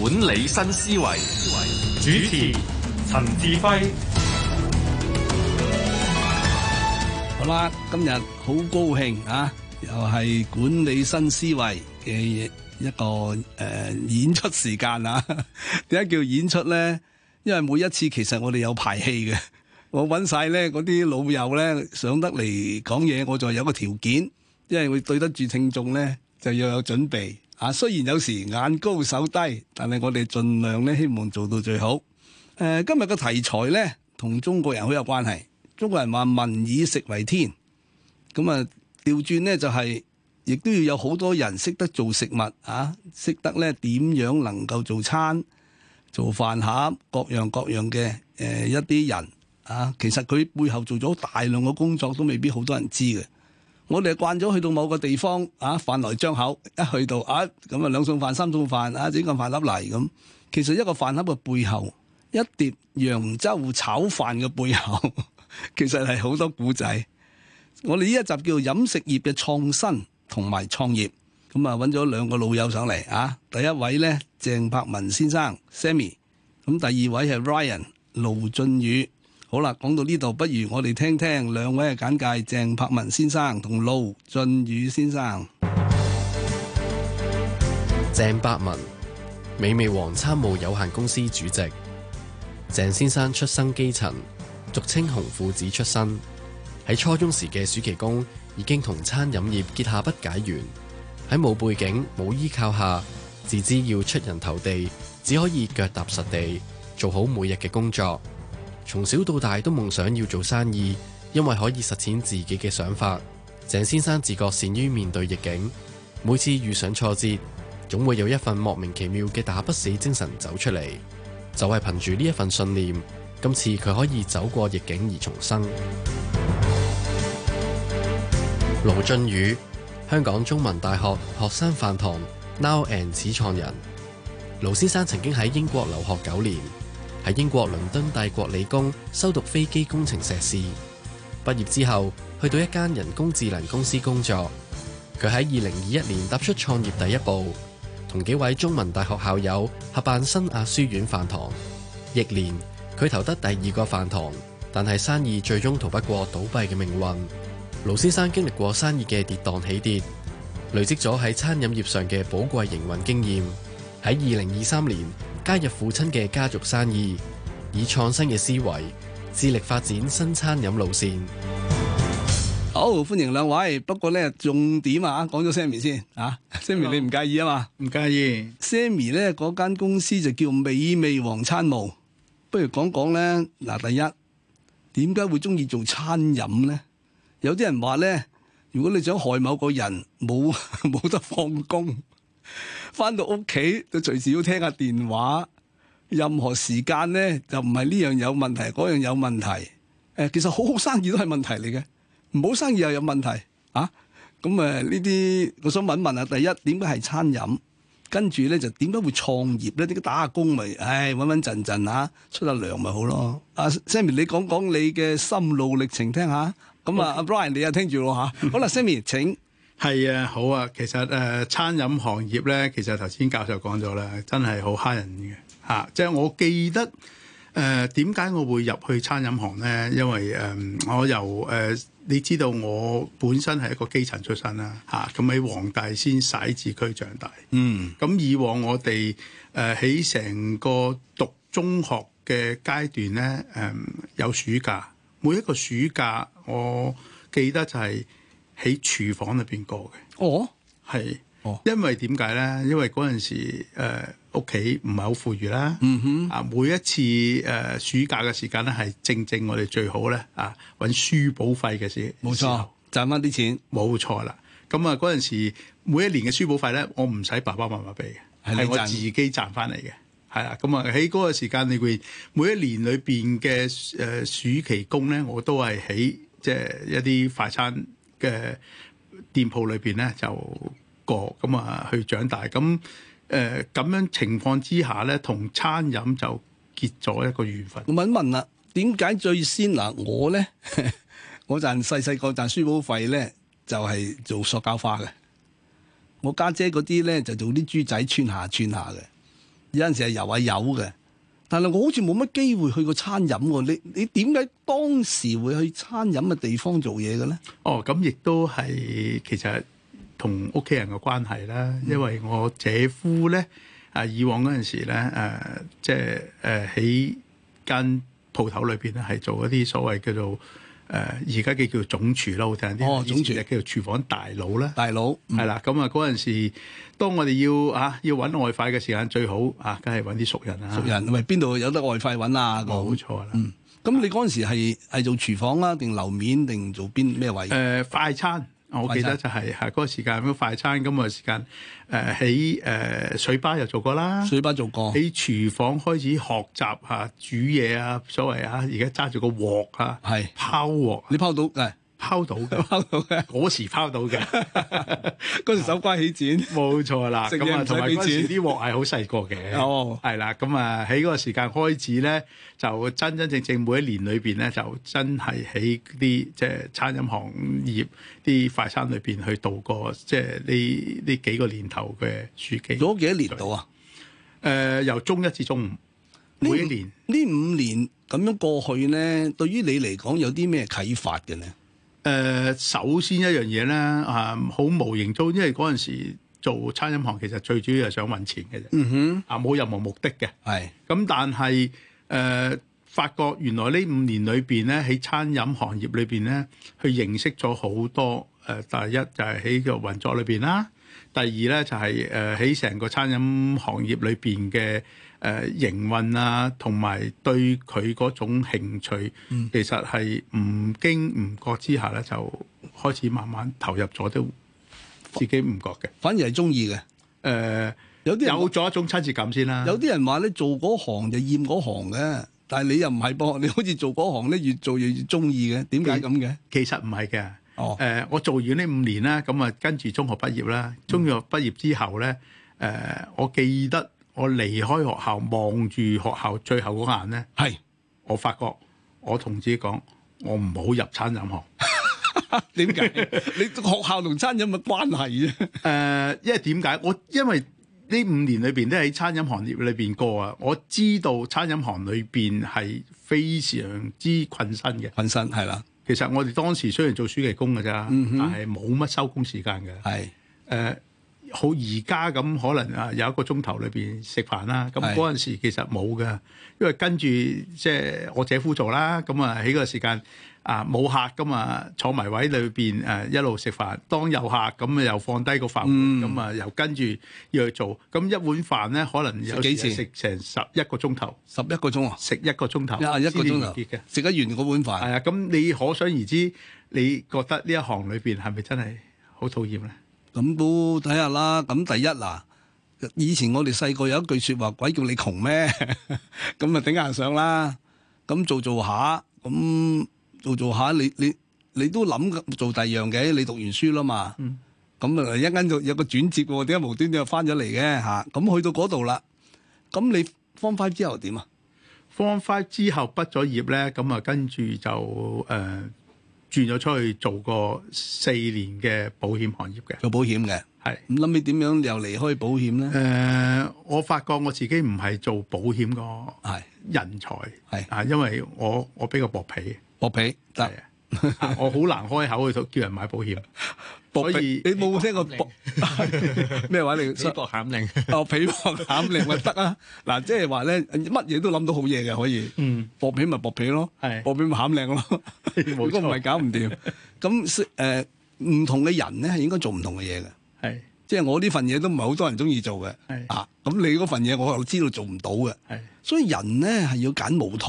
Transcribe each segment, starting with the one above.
管理新思維，主持陳志輝。好啦，今日好高興啊！又係管理新思維嘅一個誒、呃、演出時間啊！點解叫演出咧？因為每一次其實我哋有排戲嘅，我揾晒咧嗰啲老友咧上得嚟講嘢，我就有個條件，因為會對得住聽眾咧，就要有準備。啊，雖然有時眼高手低，但係我哋盡量咧，希望做到最好。誒、呃，今日個題材咧，同中國人好有關係。中國人話民以食為天，咁啊調轉咧就係、是，亦都要有好多人識得做食物啊，識得咧點樣能夠做餐、做飯盒，各樣各樣嘅誒、呃、一啲人啊。其實佢背後做咗大量嘅工作，都未必好多人知嘅。我哋係慣咗去到某個地方啊，飯來張口，一去到啊，咁啊兩餸飯三餸飯啊，整個飯盒嚟咁。其實一個飯盒嘅背後，一碟揚州炒飯嘅背後，其實係好多古仔。我哋呢一集叫做飲食業嘅創新同埋創業，咁啊揾咗兩個老友上嚟啊。第一位咧，鄭栢文先生 Sammy，咁第二位係 Ryan 盧俊宇。好啦，講到呢度，不如我哋聽聽兩位嘅簡介：鄭柏文先生同盧俊宇先生。鄭柏文，美味王餐務有限公司主席。鄭先生出生基層，俗稱紅褲子出身。喺初中時嘅暑期工，已經同餐飲業結下不解緣。喺冇背景、冇依靠下，自知要出人頭地，只可以腳踏實地做好每日嘅工作。從小到大都夢想要做生意，因為可以實踐自己嘅想法。鄭先生自覺善於面對逆境，每次遇上挫折，總會有一份莫名其妙嘅打不死精神走出嚟。就係憑住呢一份信念，今次佢可以走過逆境而重生。盧俊宇，香港中文大學學生飯堂 Now and 始創人。盧先生曾經喺英國留學九年。喺英國倫敦帝國理工修讀飛機工程碩士，畢業之後去到一間人工智能公司工作。佢喺二零二一年踏出創業第一步，同幾位中文大學校友合辦新亞書院飯堂。翌年，佢投得第二個飯堂，但係生意最終逃不過倒閉嘅命運。盧先生經歷過生意嘅跌宕起跌，累積咗喺餐飲業上嘅寶貴營運經驗。喺二零二三年，加入父親嘅家族生意，以創新嘅思維致力發展新餐飲路線。好，歡迎兩位。不過咧，重點啊，講咗 Sammy 先，先啊 ，Sammy 你唔介意啊嘛？唔介意。Sammy 咧嗰間公司就叫美味王餐務。不如講講咧，嗱，第一點解會中意做餐飲咧？有啲人話咧，如果你想害某個人，冇冇 得放工。翻到屋企就隨時要聽下電話，任何時間咧就唔係呢樣有問題，嗰樣有問題。誒，其實好好生意都係問題嚟嘅，唔好生意又有問題啊。咁誒呢啲，我想問一問啊，第一點解係餐飲？跟住咧就點解會創業咧？點解打下工咪？唉，穩穩陣陣吓，出下糧咪好咯。阿、嗯啊、Sammy，你講講你嘅心路歷程聽下。咁啊，、嗯、啊，Brian 你聽啊聽住咯吓。好啦，Sammy 請。係啊，好啊，其實誒、呃、餐飲行業咧，其實頭先教授講咗啦，真係好蝦人嘅嚇。即、啊、係、就是、我記得誒點解我會入去餐飲行咧？因為誒、呃、我由誒、呃、你知道我本身係一個基層出身啦嚇。咁喺黃大仙徙置區長大，嗯。咁以往我哋誒喺成個讀中學嘅階段咧，誒、呃、有暑假，每一個暑假我記得就係、是。喺廚房裏邊過嘅，哦、oh? 是，係，哦，因為點解咧？因為嗰陣時屋企唔係好富裕啦，嗯哼、mm，hmm. 啊每一次誒、呃、暑假嘅時間咧，係正正我哋最好咧，啊揾書簿費嘅事，冇錯，賺翻啲錢，冇錯啦。咁啊嗰陣時每一年嘅書簿費咧，我唔使爸爸媽媽俾嘅，係我自己賺翻嚟嘅，係啊。咁啊喺嗰個時間裏邊，每一年裏邊嘅誒暑期工咧，我都係喺即係一啲快餐嘅店鋪裏邊咧就個咁啊去長大，咁誒咁樣情況之下咧，同餐飲就結咗一個緣分。我問一問啦、啊，點解最先嗱我咧，我陣細細個賺書簿費咧，就係、是、做塑膠花嘅，我家姐嗰啲咧就做啲豬仔穿下穿下嘅，有陣時係油啊油嘅。但係我好似冇乜機會去過餐飲喎，你你點解當時會去餐飲嘅地方做嘢嘅咧？哦，咁亦都係其實同屋企人嘅關係啦，因為我姐夫咧啊，以往嗰陣時咧誒，即係誒喺間鋪頭裏邊咧係做一啲所謂叫做。誒而家嘅叫總廚啦，好聽啲，總廚就叫做廚房大佬咧。大佬，係、嗯、啦，咁啊嗰陣時，當我哋要啊要揾外快嘅時間，最好啊，梗係揾啲熟人啦。熟人，係咪邊度有得外快揾啊？冇錯啦。咁、嗯、你嗰陣時係、啊、做廚房啦，定樓面，定做邊咩位？誒、呃，快餐。我記得就係嚇嗰個時間咁、那個、快餐咁嘅、那個、時間，誒喺誒水吧又做過啦，水吧做過喺廚房開始學習吓煮嘢啊。所謂啊，而家揸住個鑊啊，係是拋鑊，你拋到誒？拋 到嘅，嗰時拋到嘅，嗰時手瓜起展，冇錯啦。咁啊，同埋嗰啲鑊係好細個嘅，哦，係啦。咁啊，喺嗰個時間開始咧，就真真正正每一年裏邊咧，就真係喺啲即係餐飲行業啲快餐裏邊去度過，即係呢呢幾個年頭嘅暑期。做咗幾多年到啊？誒、 呃，由中一至中五，每年，呢五年咁樣過去咧，對於你嚟講有啲咩啟發嘅咧？誒、呃、首先一樣嘢咧啊，好、呃、無形中，因為嗰陣時做餐飲行其實最主要係想搵錢嘅啫，啊冇、嗯、哼任何目的嘅。係咁是、嗯，但係誒發覺原來呢五年裏邊咧，喺餐飲行業裏邊咧，去認識咗好多誒、呃。第一就係喺個運作裏邊啦，第二咧就係誒喺成個餐飲行業裏邊嘅。誒、呃、營運啊，同埋對佢嗰種興趣，嗯、其實係唔經唔覺之下咧，就開始慢慢投入咗，都自己唔覺嘅。反而係中意嘅。誒、呃，有啲有咗一種親切感先啦、啊。有啲人話咧，做嗰行就厭嗰行嘅，但係你又唔係噃？你好似做嗰行咧，越做越中意嘅。點解咁嘅？其實唔係嘅。哦，誒、呃，我做完呢五年啦，咁啊跟住中學畢業啦，中學畢業之後咧，誒、嗯呃，我記得。我離開學校望住學校最後嗰眼呢，係是我發覺我同自己講，我唔好入餐飲行。點解 麼？ 你學校同餐飲有乜關係啫、呃？因為點解？我因為呢五年裏邊都喺餐飲行業裏邊過啊，我知道餐飲行裏邊係非常之困身嘅。困身係啦。其實我哋當時雖然做暑期工㗎啫，嗯、哼但係冇乜收工時間嘅。係是、呃好而家咁可能啊，有一個鐘頭裏邊食飯啦。咁嗰陣時其實冇㗎，因為跟住即係我姐夫做啦。咁啊喺個時間啊冇客噶嘛，坐埋位裏邊誒一路食飯，當有客咁啊又放低個飯碗，咁啊、嗯、又跟住要去做。咁一碗飯咧可能有幾時食成時十一個鐘頭、啊，十一個鐘啊，食一個鐘頭啊一個鐘頭食得完個碗飯。係啊，咁你可想而知，你覺得呢一行裏邊係咪真係好討厭咧？咁都睇下啦。咁第一嗱，以前我哋細個有一句説話說，鬼叫你窮咩？咁啊頂硬上啦。咁做做下，咁做做下，你你你都諗做第二樣嘅。你讀完書啦嘛。咁啊、嗯、一間有一個轉折喎，點解無端端又翻咗嚟嘅吓？咁、啊、去到嗰度啦。咁你 form five 之後點啊？form five 之後畢咗業咧，咁啊跟住就誒。呃轉咗出去做過四年嘅保險行業嘅，做保險嘅係。咁諗，你點樣又離開保險咧？誒、呃，我發覺我自己唔係做保險個人才係是啊，因為我我比較薄皮，薄皮得、啊行啊、我好難開口去叫人買保險。 你冇冇聽過薄咩話？你薄餡靚哦，皮薄餡靚咪得啊？嗱，即係話咧，乜嘢都諗到好嘢嘅可以，嗯，薄皮咪薄皮咯，係薄皮咪餡靚咯，都唔係搞唔掂咁，誒，唔同嘅人咧，應該做唔同嘅嘢嘅，係即係我呢份嘢都唔係好多人中意做嘅，係啊，咁你嗰份嘢我又知道做唔到嘅，係所以人咧係要揀舞台，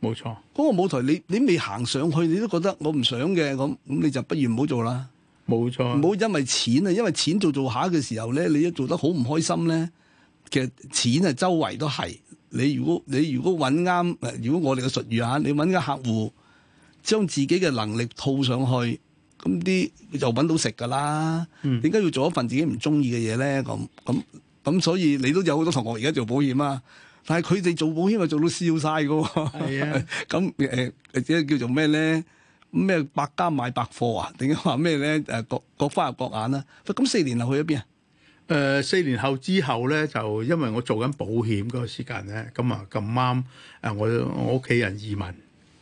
冇錯，嗰個舞台，你你未行上去，你都覺得我唔想嘅，咁咁你就不如唔好做啦。冇錯，唔好、啊、因為錢啊，因為錢做做下嘅時候咧，你一做得好唔開心咧，其實錢啊周圍都係。你如果你如果揾啱，如果我哋嘅術語啊，你揾個客戶將自己嘅能力套上去，咁啲就揾到食噶啦。點解、嗯、要做一份自己唔中意嘅嘢咧？咁咁咁，所以你都有好多同學而家做保險啊。但係佢哋做保險啊，做到笑晒噶。係啊，咁誒 Yeah. 或、呃、者叫做咩咧？咩百家買百貨啊？定係話咩咧？誒，各各花入各眼啦、啊。咁四年後去咗邊啊？誒、呃，四年後之後咧，就因為我做緊保險嗰個時間咧，咁啊咁啱誒，我我屋企人移民，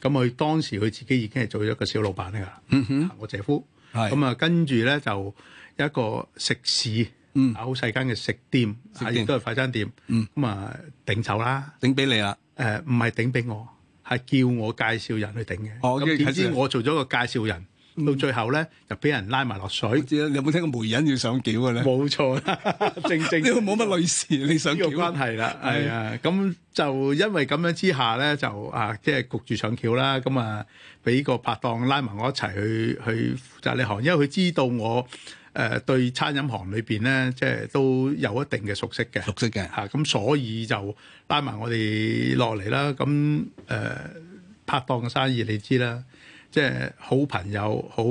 咁佢當時佢自己已經係做咗個小老闆嚟噶。嗯哼，我姐夫。係是。咁啊、嗯，嗯、跟住咧就有一個食肆，好細間嘅食店，亦都係快餐店。咁啊、嗯嗯嗯，頂手啦，頂俾你啦。誒、呃，唔係頂俾我。係叫我介紹人去頂嘅，咁點、哦、知我做咗個介紹人，嗯、到最後咧就俾人拉埋落水。知啦，你有冇聽過媒人要上轎嘅咧？冇錯，正正都冇乜類似你想嘅關係啦。係啊，咁就因為咁樣之下咧，就啊即係焗住上轎啦。咁啊，俾個拍檔拉埋我一齊去去負責呢行，因為佢知道我。誒對餐飲行裏邊咧，即係都有一定嘅熟悉嘅，熟悉嘅嚇。咁所以就拉埋我哋落嚟啦。咁誒、呃、拍檔嘅生意你知啦，即係好朋友、好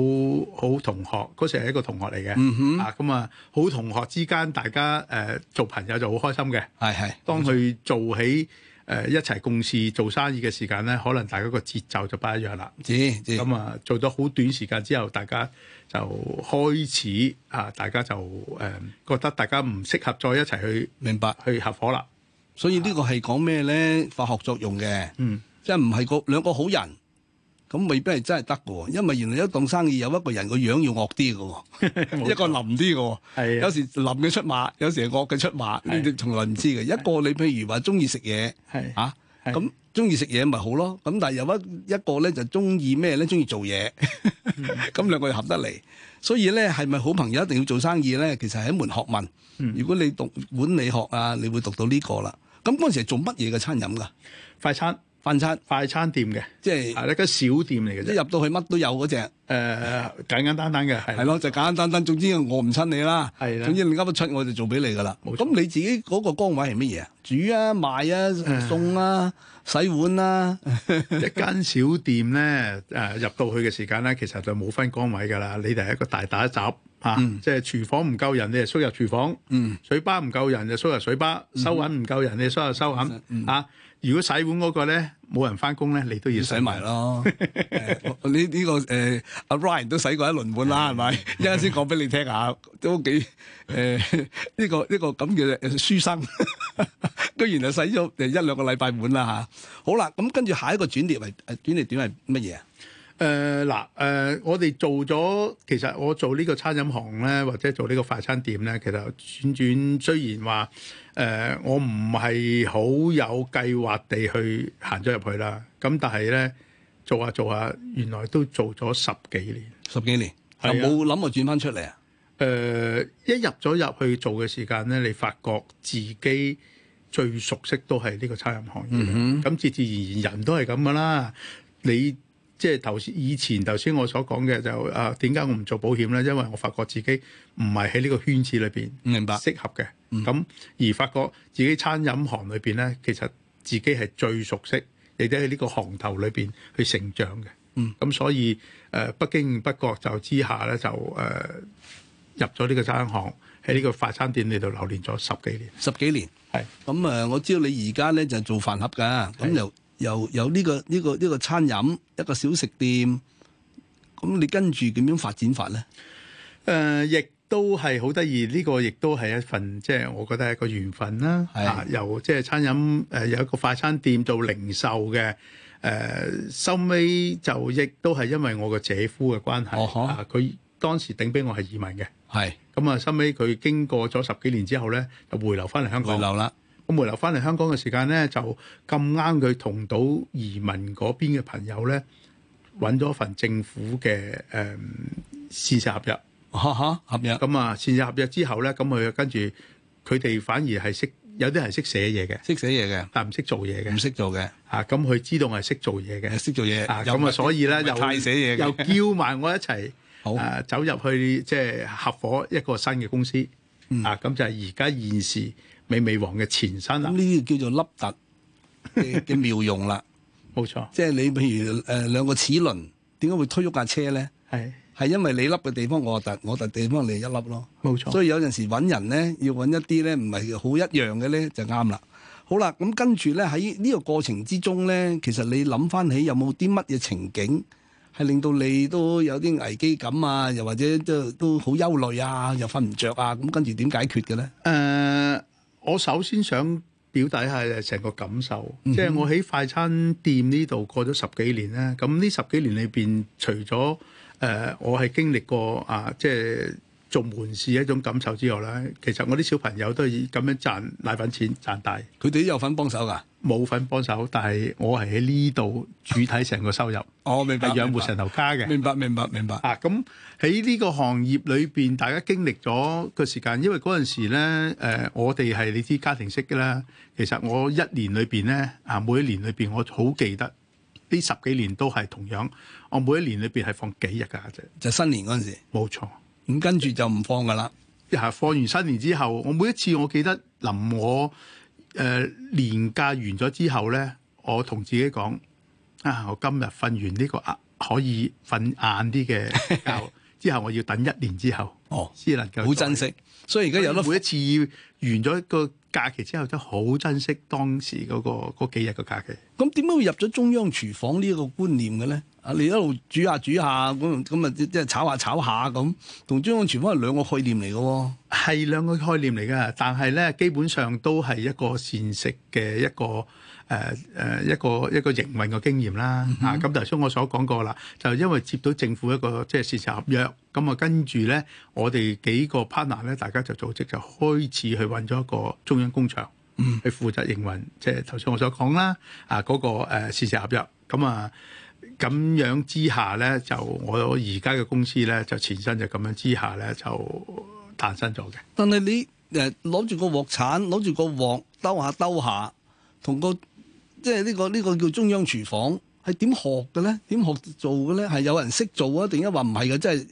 好同學。嗰時係一個同學嚟嘅，嚇咁、嗯、哼啊，好同學之間大家誒、呃、做朋友就好開心嘅。係係是。當佢做起誒、呃、一齊共事做生意嘅時間咧，可能大家個節奏就不一樣啦。咁啊、嗯，做咗好短時間之後，大家。就開始啊！大家就誒、嗯、覺得大家唔適合再一齊去，明白去合夥啦。所以個呢個係講咩咧？化學作用嘅，嗯，即係唔係個兩個好人咁未必係真係得嘅。因為原來一檔生意有一個人個樣要惡啲嘅， 錯一個腍啲嘅，係 的有時腍嘅出馬，有時惡嘅出馬，你哋的從來唔知嘅。一個你譬如話鍾意食嘢，係啊的。的咁中意食嘢咪好咯，咁但係有一一個咧，就中意咩咧？中意做嘢，咁 兩個又合得嚟，所以咧係咪好朋友一定要做生意咧？其實係一門學問。如果你讀管理學啊，你會讀到呢個啦。咁嗰陣時係做乜嘢嘅餐飲噶？快餐。快餐快餐店嘅，即係係一家小店嚟嘅啫。一入到去乜都有嗰隻，誒簡簡單單嘅，係咯就簡簡單單。總之餓唔親你啦，係啦。總之你勾不出我就做俾你噶啦。咁你自己嗰個崗位係乜嘢？煮啊，賣啊，送啊，洗碗啊。一間小店咧，誒入到去嘅時間咧，其實就冇分崗位噶啦。你哋係一個大打雜啊，即係廚房唔夠人，你就輸入廚房；水吧唔夠人就輸入水吧；收銀唔夠人你就輸入收銀啊。如果洗碗嗰個咧冇人翻工咧，你都要洗埋咯。呢呢、 欸這個誒，阿、呃、Ryan 都洗過一輪碗啦，係咪？陣間先講俾你聽下，都幾誒呢、呃這個呢、這個咁嘅書生， 居然又洗咗一兩個禮拜碗啦吓，好啦，咁跟住下一個轉捩為轉捩點係乜嘢啊？誒嗱，誒、呃呃、我哋做咗，其實我做呢個餐飲行咧，或者做呢個快餐店咧，其實轉轉雖然話，誒、呃、我唔係好有計劃地去行咗入去啦。咁但係咧，做下做下，原來都做咗十幾年，十幾年，啊、有冇諗過轉翻出嚟啊？誒、呃、一入咗入去做嘅時間咧，你發覺自己最熟悉都係呢個餐飲行業，咁、嗯、哼自自然然人都係咁噶啦，你。即係頭先，以前頭先我所講嘅就誒點解我唔做保險呢？因為我發覺自己唔係喺呢個圈子裏邊白適合嘅。咁、嗯、而發覺自己餐飲行裏邊呢，其實自己係最熟悉，亦都喺呢個行頭裏邊去成長嘅。咁、嗯、所以誒，不經不覺就之下呢，就誒、呃、入咗呢個餐行，喺呢、嗯、個快餐店裏度留連咗十幾年。十幾年係。咁誒是，我知道你而家呢，就做飯盒㗎，咁又。有有呢個呢、這個呢、這個餐飲一個小食店，咁你跟住點樣發展法咧？誒、呃，亦都係好得意，呢、這個亦都係一份即係、就是、我覺得係一個緣分啦。係是、啊、由即係、就是、餐飲誒有、呃、一個快餐店做零售嘅，誒收尾就亦都係因為我個姐夫嘅關係、哦、哈啊，佢當時頂俾我係移民嘅。係咁是啊，收尾佢經過咗十幾年之後咧，就回流翻嚟香港，回流啦。咁回流翻嚟香港嘅時間咧，就咁啱佢同到移民嗰邊嘅朋友咧，揾咗份政府嘅誒事實合約，哈哈合約。咁啊，事實合約之後咧，咁佢跟住佢哋反而係識有啲人識寫嘢嘅，識寫嘢嘅，但唔識做嘢嘅，唔識做嘅。啊，咁佢知道我係識做嘢嘅，識做嘢。啊，咁啊，所以咧又太寫嘢嘅，又叫埋我一齊好走入去，即係合夥一個新嘅公司。啊，咁就係而家現時。美味王嘅前身啊！呢啲叫做凹凸嘅妙用啦，冇 錯。即係你譬如誒、呃、兩個齒輪，點解會推喐架車咧？係係是因為你凹嘅地方，我凸，我凸地方你一粒咯，冇錯。所以有陣時揾人咧，要揾一啲咧唔係好一樣嘅咧，就啱啦。好啦，啊，咁跟住咧喺呢個過程之中咧，其實你諗翻起有冇啲乜嘢情景係令到你都有啲危機感啊？又或者都都好憂慮啊？又瞓唔着啊？咁跟住點解決嘅咧？誒 f。f 我首先想表達一下誒成個感受，即係我喺快餐店呢度過咗十幾年咧，咁呢十幾年裏邊，除咗誒我係經歷過啊，即係做門市一種感受之外咧，其實我啲小朋友都係咁樣賺奶粉錢賺大，佢哋都有份幫手㗎。冇份幫手，但係我係喺呢度主體成個收入，我、哦、明白係養活成頭家嘅。明白，明白，明白。啊，咁喺呢個行業裏邊，大家經歷咗個時間，因為嗰陣時咧，誒、呃，我哋係你啲家庭式嘅啦。其實我一年裏邊咧，啊，每一年裏邊我好記得呢十幾年都係同樣，我每一年裏邊係放幾日㗎啫，就新年嗰陣時。冇錯，咁、嗯、跟住就唔放㗎啦。係放完新年之後，我每一次我記得臨我。誒、呃、年假完咗之後咧，我同自己講啊，我今日瞓完呢、呢個啊，可以瞓晏啲嘅覺之後，我要等一年之後哦，先能夠好珍惜。所以而家有得每一次完咗一個假期之後，都好珍惜當時嗰、嗰個幾日嘅假期。咁點解會入咗中央廚房呢個觀念嘅咧？啊！你一路煮下煮下，咁咁啊，即係炒下炒下咁，同中央廚房係兩個概念嚟嘅喎，係兩個概念嚟嘅。但係咧，基本上都係一個膳食嘅一個誒誒、呃、一個一個營運嘅經驗啦。嚇咁頭先我所講過啦，就因為接到政府一個即係膳食合約，咁啊跟住咧，我哋幾個 partner 咧，大家就組織就開始去揾咗一個中央工場，嗯、去負責營運。即係頭先我所講啦，啊、那、嗰個誒膳食合約，咁啊。啊嗯啊啊咁樣之下咧，就我而家嘅公司咧，就前身就咁樣之下咧，就誕生咗嘅。但係你誒攞住個鑊鏟，攞住個鑊兜下兜下，同個即係呢個呢個叫中央廚房係點學嘅咧？點學做嘅咧？係有人識做啊？定係話唔係嘅？即係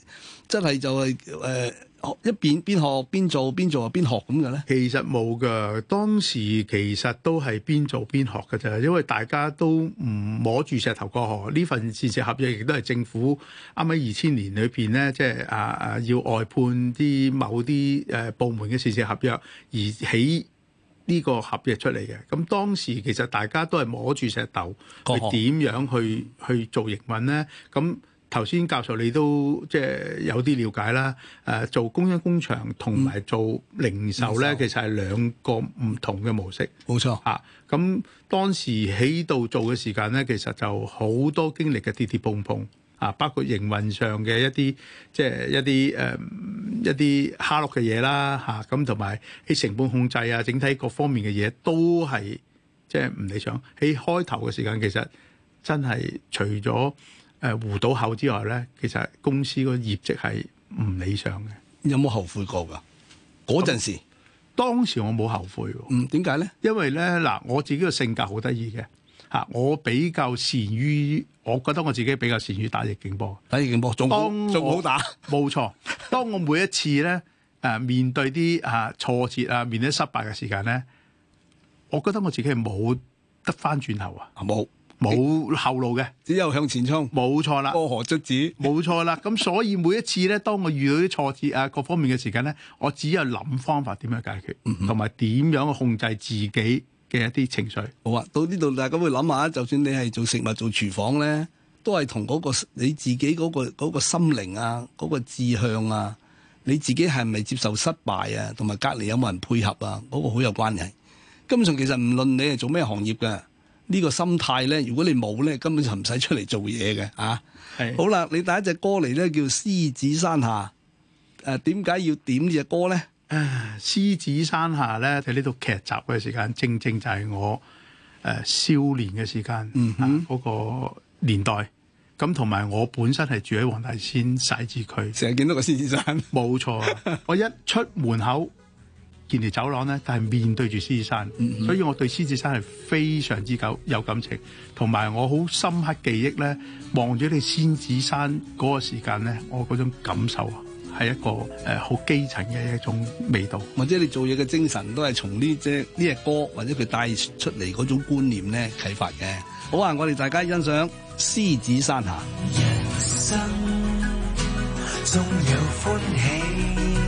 真係就係、是、誒。呃一邊邊學邊做，邊做又邊學咁嘅咧？其實冇嘅，當時其實都係邊做邊學嘅啫，因為大家都唔摸住石頭過河。呢份膳食合約亦都係政府啱喺二千年裏邊咧，即係啊啊要外判啲某啲誒部門嘅膳食合約而起呢個合約出嚟嘅。咁當時其實大家都係摸住石頭學去點樣去去做營運咧，咁。頭先教授你都即係有啲了解啦，誒做工廠工場同埋做零售咧，嗯，零售其實係兩個唔同嘅模式。冇錯啊！咁當時喺度做嘅時間咧，其實就好多經歷嘅跌跌碰碰啊，包括營運上嘅一啲即係一啲誒、呃、一啲蝦碌嘅嘢啦嚇，咁同埋喺成本控制啊，整體各方面嘅嘢都係即係唔理想。喺開頭嘅時間其實真係除咗誒糊到口之外咧，其實公司個業績係唔理想嘅。有冇後悔過㗎？嗰陣時，當時我冇後悔。嗯，點解咧？因為咧嗱，我自己個性格好得意嘅嚇，我比較善於，我覺得我自己比較善於打逆境波，打逆境波仲好，仲我好打。冇錯，當我每一次咧誒面對啲嚇挫折啊、面對，面對失敗嘅時間咧，我覺得我自己係冇得翻轉頭啊，冇好。冇後路嘅，只有向前衝。冇錯啦，過河卒子。冇錯啦，咁所以每一次咧，當我遇到啲挫折啊，各方面嘅時間咧，我只有諗方法點樣解決，同埋點樣控制自己嘅一啲情緒。好啊，到呢度大家會諗下，就算你係做食物做廚房咧，都係同嗰個你自己嗰個嗰個心靈啊，嗰個志向啊，你自己係咪接受失敗啊，同埋隔離有冇人配合啊，嗰個好有關嘅。根本上其實唔論你係做咩行業嘅。呢個心態咧，如果你冇咧，根本就唔使出嚟做嘢嘅啊！是好啦，你第一隻歌嚟咧叫《獅子山下》，誒點解要點呢隻歌咧？啊，《獅子山下》咧喺呢度、就係、劇集嘅時間，正正就係我誒、呃、少年嘅時間，嗰、嗯哼啊嗰個年代。咁同埋我本身係住喺黃大仙徙置區，成日見到個獅子山。冇錯， 我一出門口。建條走廊咧，但係面對住獅子山，mm hmm. 所以我對獅子山係非常之久有感情，同埋我好深刻記憶咧，望住你獅子山嗰個時間咧，我嗰種感受啊，係一個誒好基層嘅一種味道，或者你做嘢嘅精神都係從呢隻呢隻歌或者佢帶出嚟嗰種觀念咧啟發嘅。好啊，我哋大家欣賞《獅子山下》。人生仲有歡喜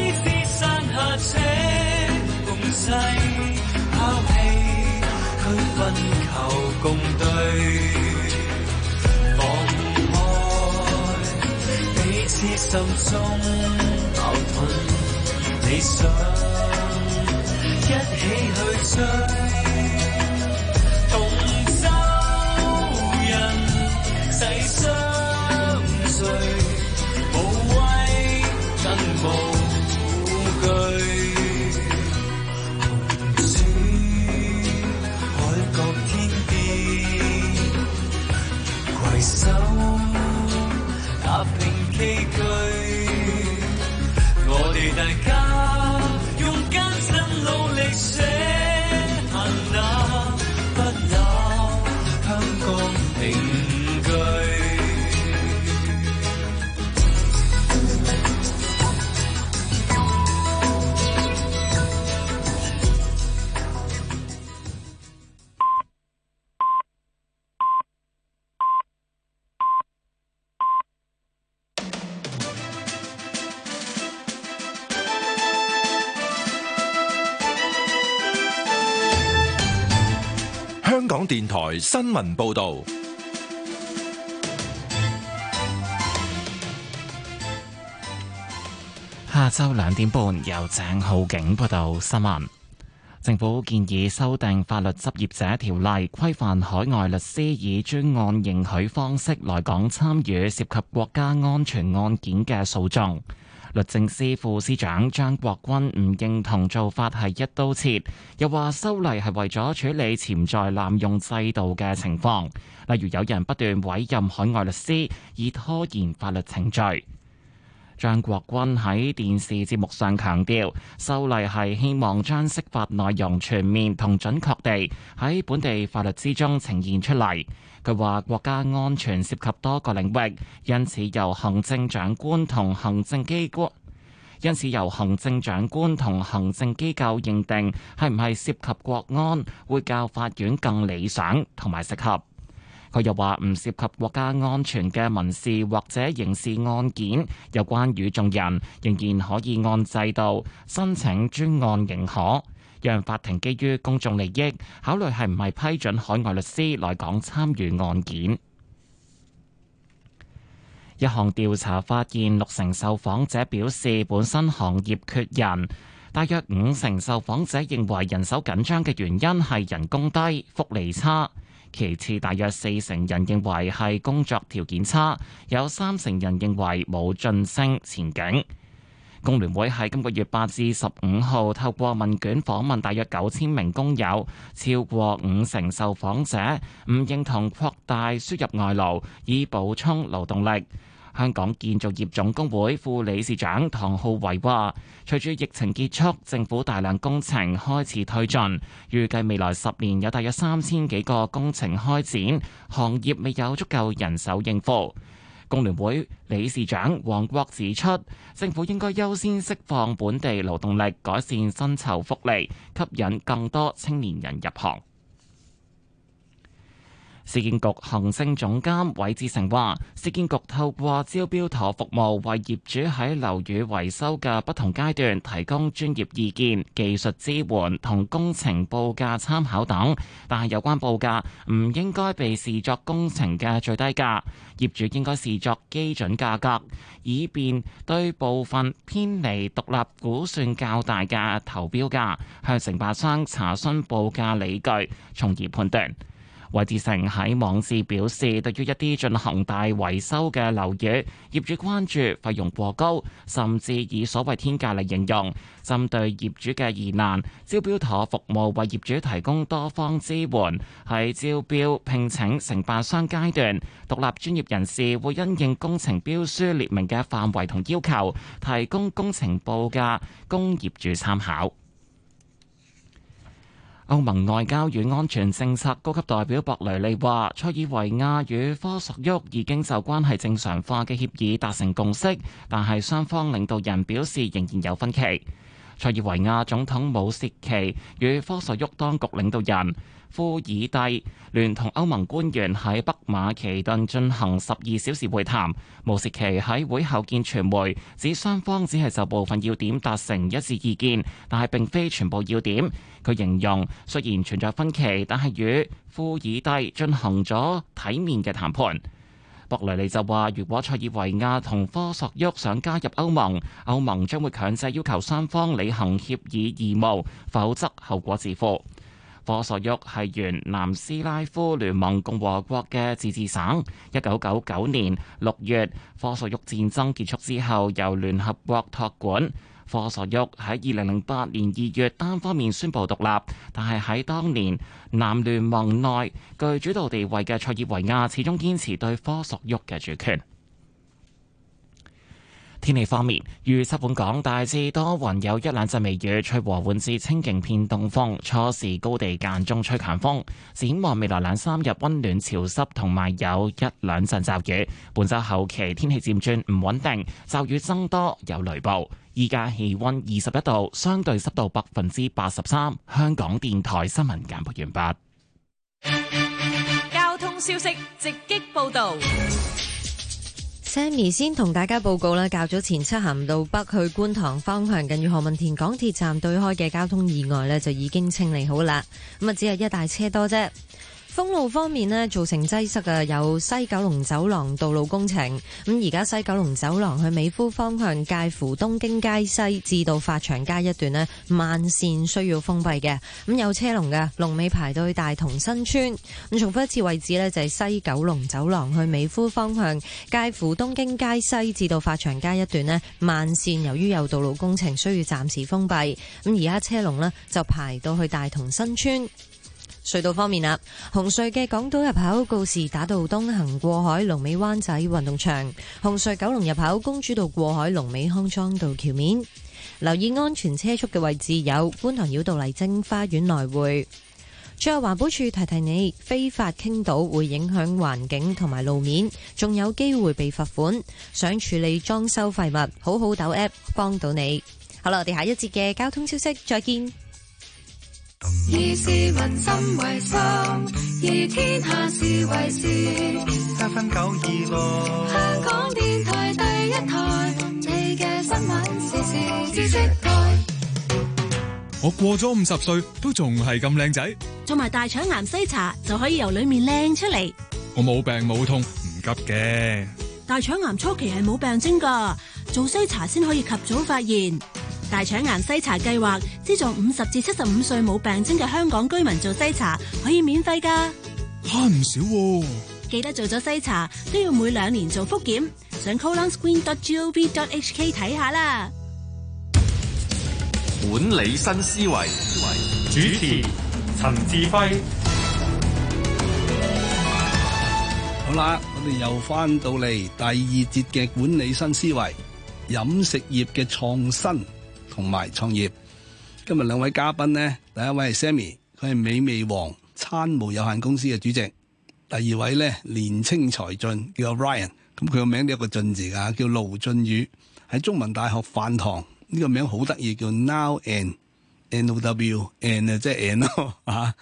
這共世拋棄區分，求共對，放開彼此心中矛盾，理想一起去追。新聞報道。下晝兩點半由鄭浩景報道新聞。政府建議修訂法律執業者條例，規範海外律師以專案認許方式來港參與涉及國家安全案件嘅訴訟。律政司副司長張國軍唔認同做法係一刀切，又話修例係為咗處理潛在濫用制度嘅情況，例如有人不斷委任海外律師以拖延法律程序。張國軍喺電視節目上強調，修例係希望將釋法內容全面同準確地喺本地法律之中呈現出嚟。佢話：國家安全涉及多個領域，因此由行政長官同行政機關，因此由行政長官同行政機構認定係唔係涉及國安，會較法院更理想同埋適合。佢又話：唔涉及國家安全嘅民事或者刑事案件，有關與眾人仍然可以按制度申請專案認可。讓法庭基於公眾利益考慮，係唔係批准海外律師來港參與案件？一項調查發現，六成受訪者表示本身行業缺人，大約五成受訪者認為人手緊張嘅原因係人工低、福利差，其次大約四成人認為係工作條件差，有三成人認為冇晉升前景。工聯會喺今個月八至十五號透過問卷訪問大約九千名工友，超過五成受訪者唔認同擴大輸入外勞，以補充勞動力。香港建築業總工會副理事長唐浩偉話：隨住疫情結束，政府大量工程開始推進，預計未來十年有大約三千幾個工程開展，行業未有足夠人手應付。工聯會理事長黃國指出，政府應該優先釋放本地勞動力，改善薪酬福利，吸引更多青年人入行。市建局行政總監韋志成話，市建局透過招標台服務，為業主喺樓宇維修嘅不同階段提供專業意見、技術支援同工程報價參考等。但係有關報價唔應該被視作工程嘅最低價，業主應該視作基準價格，以便對部分偏離獨立估算較大嘅投標價，向承辦商查詢報價理據，從而判斷。韋志成喺網誌表示，對於一啲進行大維修嘅樓宇，業主關注費用過高，甚至以所謂天價嚟形容。針對業主嘅疑難，招標妥服務為業主提供多方支援。喺招標聘請承辦商階段，獨立專業人士會因應工程標書列明嘅範圍同要求，提供工程報價供業主參考。歐盟外交與安全政策高級代表博雷利話，塞爾維亞與科索沃已經就關係正常化嘅協議達成共識，但係雙方領導人表示仍然有分歧。塞爾維亞總統武切奇與科索沃當局領導人。富爾蒂聯同歐盟官員喺北馬其頓進行十二小時會談，穆斯奇喺會後見傳媒指雙方只係就部分要點達成一致意見，但係並非全部要點。佢形容雖然存在分歧，但係與富爾蒂進行咗體面嘅談判。博雷利就話，如果塞爾維亞同科索沃想加入歐盟，歐盟將會強制要求雙方履行協議義務，否則後果自負。科索沃係原南斯拉夫聯盟共和國嘅自治省。一九九九年六月，科索沃戰爭結束之後，由聯合國託管。科索沃喺二零零八年二月單方面宣布獨立，但係喺當年南聯盟內具主導地位嘅塞爾維亞始終堅持對科索沃嘅主權。天氣方面，預測本港大致多雲，有一兩陣微雨，吹和緩至清勁偏東風。初時高地間中吹強風。展望未來兩三日溫暖潮濕，同埋有一兩陣驟雨。本周後期天氣漸轉唔穩定，驟雨增多，有雷暴。依家氣溫二十一度，相對濕度百分之八十三。香港電台新聞簡報完畢。交通消息直擊報道。Sammy 先同大家報告啦，較早前出行到北去觀塘方向，近住何文田港鐵站對開嘅交通意外咧就已經清理好啦，咁啊只係一大車多啫。封路方面呢，造成擠塞嘅有西九龍走廊道路工程。咁而家西九龍走廊去美孚方向介乎東京街西至到發祥街一段呢，慢綫需要封閉嘅。咁有車龍嘅，龍尾排到去大同新村。咁重複一次位置呢就係西九龍走廊去美孚方向介乎東京街西至到發祥街一段呢，慢綫由於有道路工程需要暫時封閉。咁而家車龍呢，就排到去大同新村。隧道方面啦，紅隧嘅港島入口告士打道東行過海龍尾灣仔運動場，紅隧九龍入口公主道過海龍尾康莊道橋面，留意安全車速嘅位置有觀塘繞道麗晶花園來回。最後環保處提提提你，非法傾倒會影響環境同埋路面，仲有機會被罰款。想處理裝修廢物，好好抖 A P P 幫到你。好啦，我哋下一節嘅交通消息再見。以市民心為心，以天下事為事。七分九二六，香港電台第一台，你嘅新聞時事知識台。我過咗五十歲都仲係咁靚仔，做埋大腸癌篩查就可以由裏面靚出嚟。我冇病冇痛，唔急嘅。大腸癌初期係冇病徵㗎，做篩查先可以及早發現。大腸癌篩查計劃資助五十至七十五歲冇病徵嘅香港居民做篩查，可以免費噶，慳唔少，啊。記得做咗篩查都要每兩年做複檢，上 colonscreen dot gov dot hk 睇下啦。管理新思維，主持陳志輝。好啦，我哋又翻到嚟第二節嘅管理新思維，飲食業嘅創新。同埋創業，今日兩位嘉賓呢，第一位係 Sammy，佢係美味王餐務有限公司嘅主席；第二位呢，年青才俊叫 Ryan，咁佢個名都有個進字㗎，叫盧俊宇，喺中文大學飯堂呢、呢個名好得意，叫 Now and N, N O W and 即係 and 咯嚇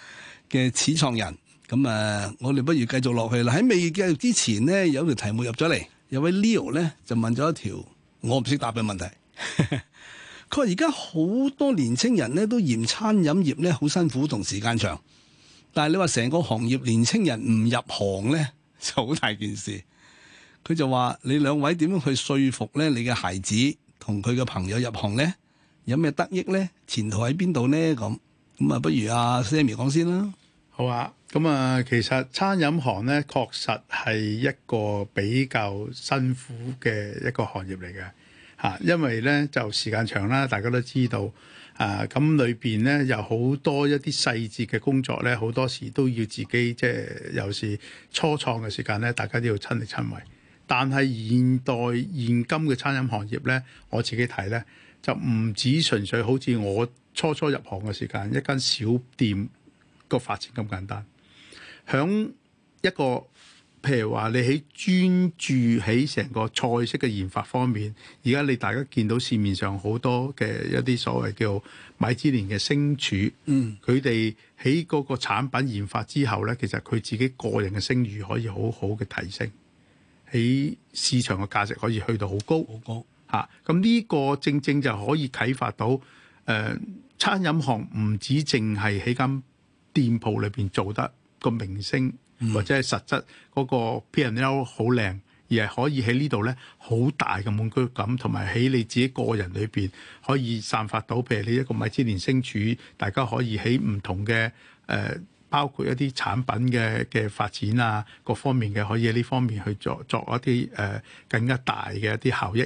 嘅始創人。咁啊，我哋不如繼續落去啦。喺未繼續之前呢，有條題目入咗嚟，有位 Leo 呢就問咗一條我唔識答嘅問題。 佢話：而家好多年青人咧都嫌餐飲業咧好辛苦同時間長，但係你話成個行業年青人唔入行咧就好大件事。佢就話：你兩位點樣去説服咧你嘅孩子同佢嘅朋友入行咧？有咩得益咧？前途喺邊度咧？咁咁啊，不如阿 Sammy 講先啦。好啊，咁啊，其實餐飲行咧確實係一個比較辛苦嘅一個行業嚟嘅。嚇，因為咧就時間長啦，大家都知道啊，咁裏邊咧有好多一啲細節嘅工作咧，好多時都要自己，即係有時初創嘅時間咧，大家都要親力親為。但係現代現今嘅餐飲行業咧，我自己睇咧就唔止純粹好似我初初入行嘅時間一間小店個發展咁簡單，響一個。譬如話，你喺專注喺成個菜式嘅研發方面，而家你大家見到市面上好多嘅一啲所謂叫米芝蓮嘅星廚，嗯，佢哋喺嗰個產品研發之後咧，其實佢自己個人嘅聲譽可以好好嘅提升，喺市場嘅價值可以去到好高，好高嚇。咁呢、啊、個正正就可以啟發到，誒、呃，餐飲行唔止淨係喺間店鋪裏邊做得、那個明星。或者係實質嗰、那個 P&L 好靚，而係可以喺呢度咧好大嘅滿足感，同埋喺你自己個人裏邊可以散發到，譬如你一個米芝蓮星廚，大家可以喺唔同嘅誒、呃，包括一啲產品嘅嘅發展啊各方面嘅，可以喺呢方面去做做一啲誒、呃、更加大嘅一啲效益。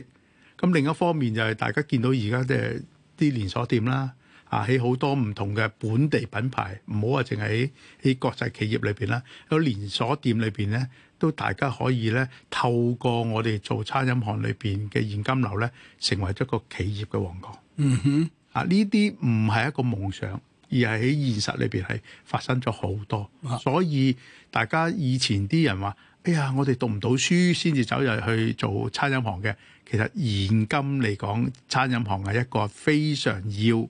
咁另一方面就係大家見到而家即係啲連鎖店啦。啊！喺好多唔同嘅本地品牌，唔好話淨係喺喺國際企業裏邊啦，喺連鎖店裏邊咧，都大家可以咧透過我哋做餐飲行裏邊嘅現金流咧，成為咗個企業嘅王國。嗯哼、mm，啊呢啲唔係一個夢想，而係喺現實裏邊係發生咗好多。Mm hmm. 所以大家以前啲人話，哎呀，我哋讀唔到書先至走入去做餐飲行嘅。其實現今嚟講，餐飲行係一個非常要。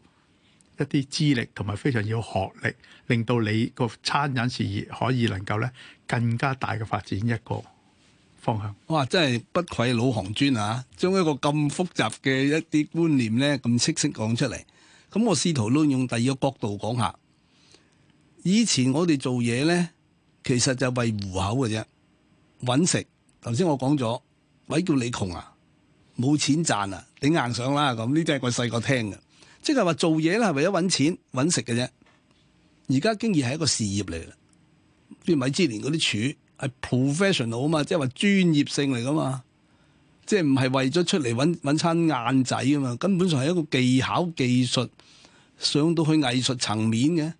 一啲資歷同埋非常有學歷，令到你個餐飲事業可以能夠咧更加大嘅發展一個方向。哇！真係不愧老行尊啊！將一個咁複雜嘅一啲觀念咧咁清晰講出嚟。咁我試圖都用第二個角度講下。以前我哋做嘢咧，其實就係為糊口嘅啫，搵食。頭先我講咗，鬼叫你窮啊，冇錢賺啊，頂硬上啦！咁呢啲係我細個聽嘅。即係話做嘢咧，係為咗搵錢、搵食嘅啫。而家經已係一個事業嚟嘅，啲米芝蓮嗰啲廚係 professional 啊嘛，即係話專業性嚟噶嘛，即係唔係為咗出嚟搵餐晏仔啊嘛。根本上係一個技巧、技術上到去藝術層面嘅，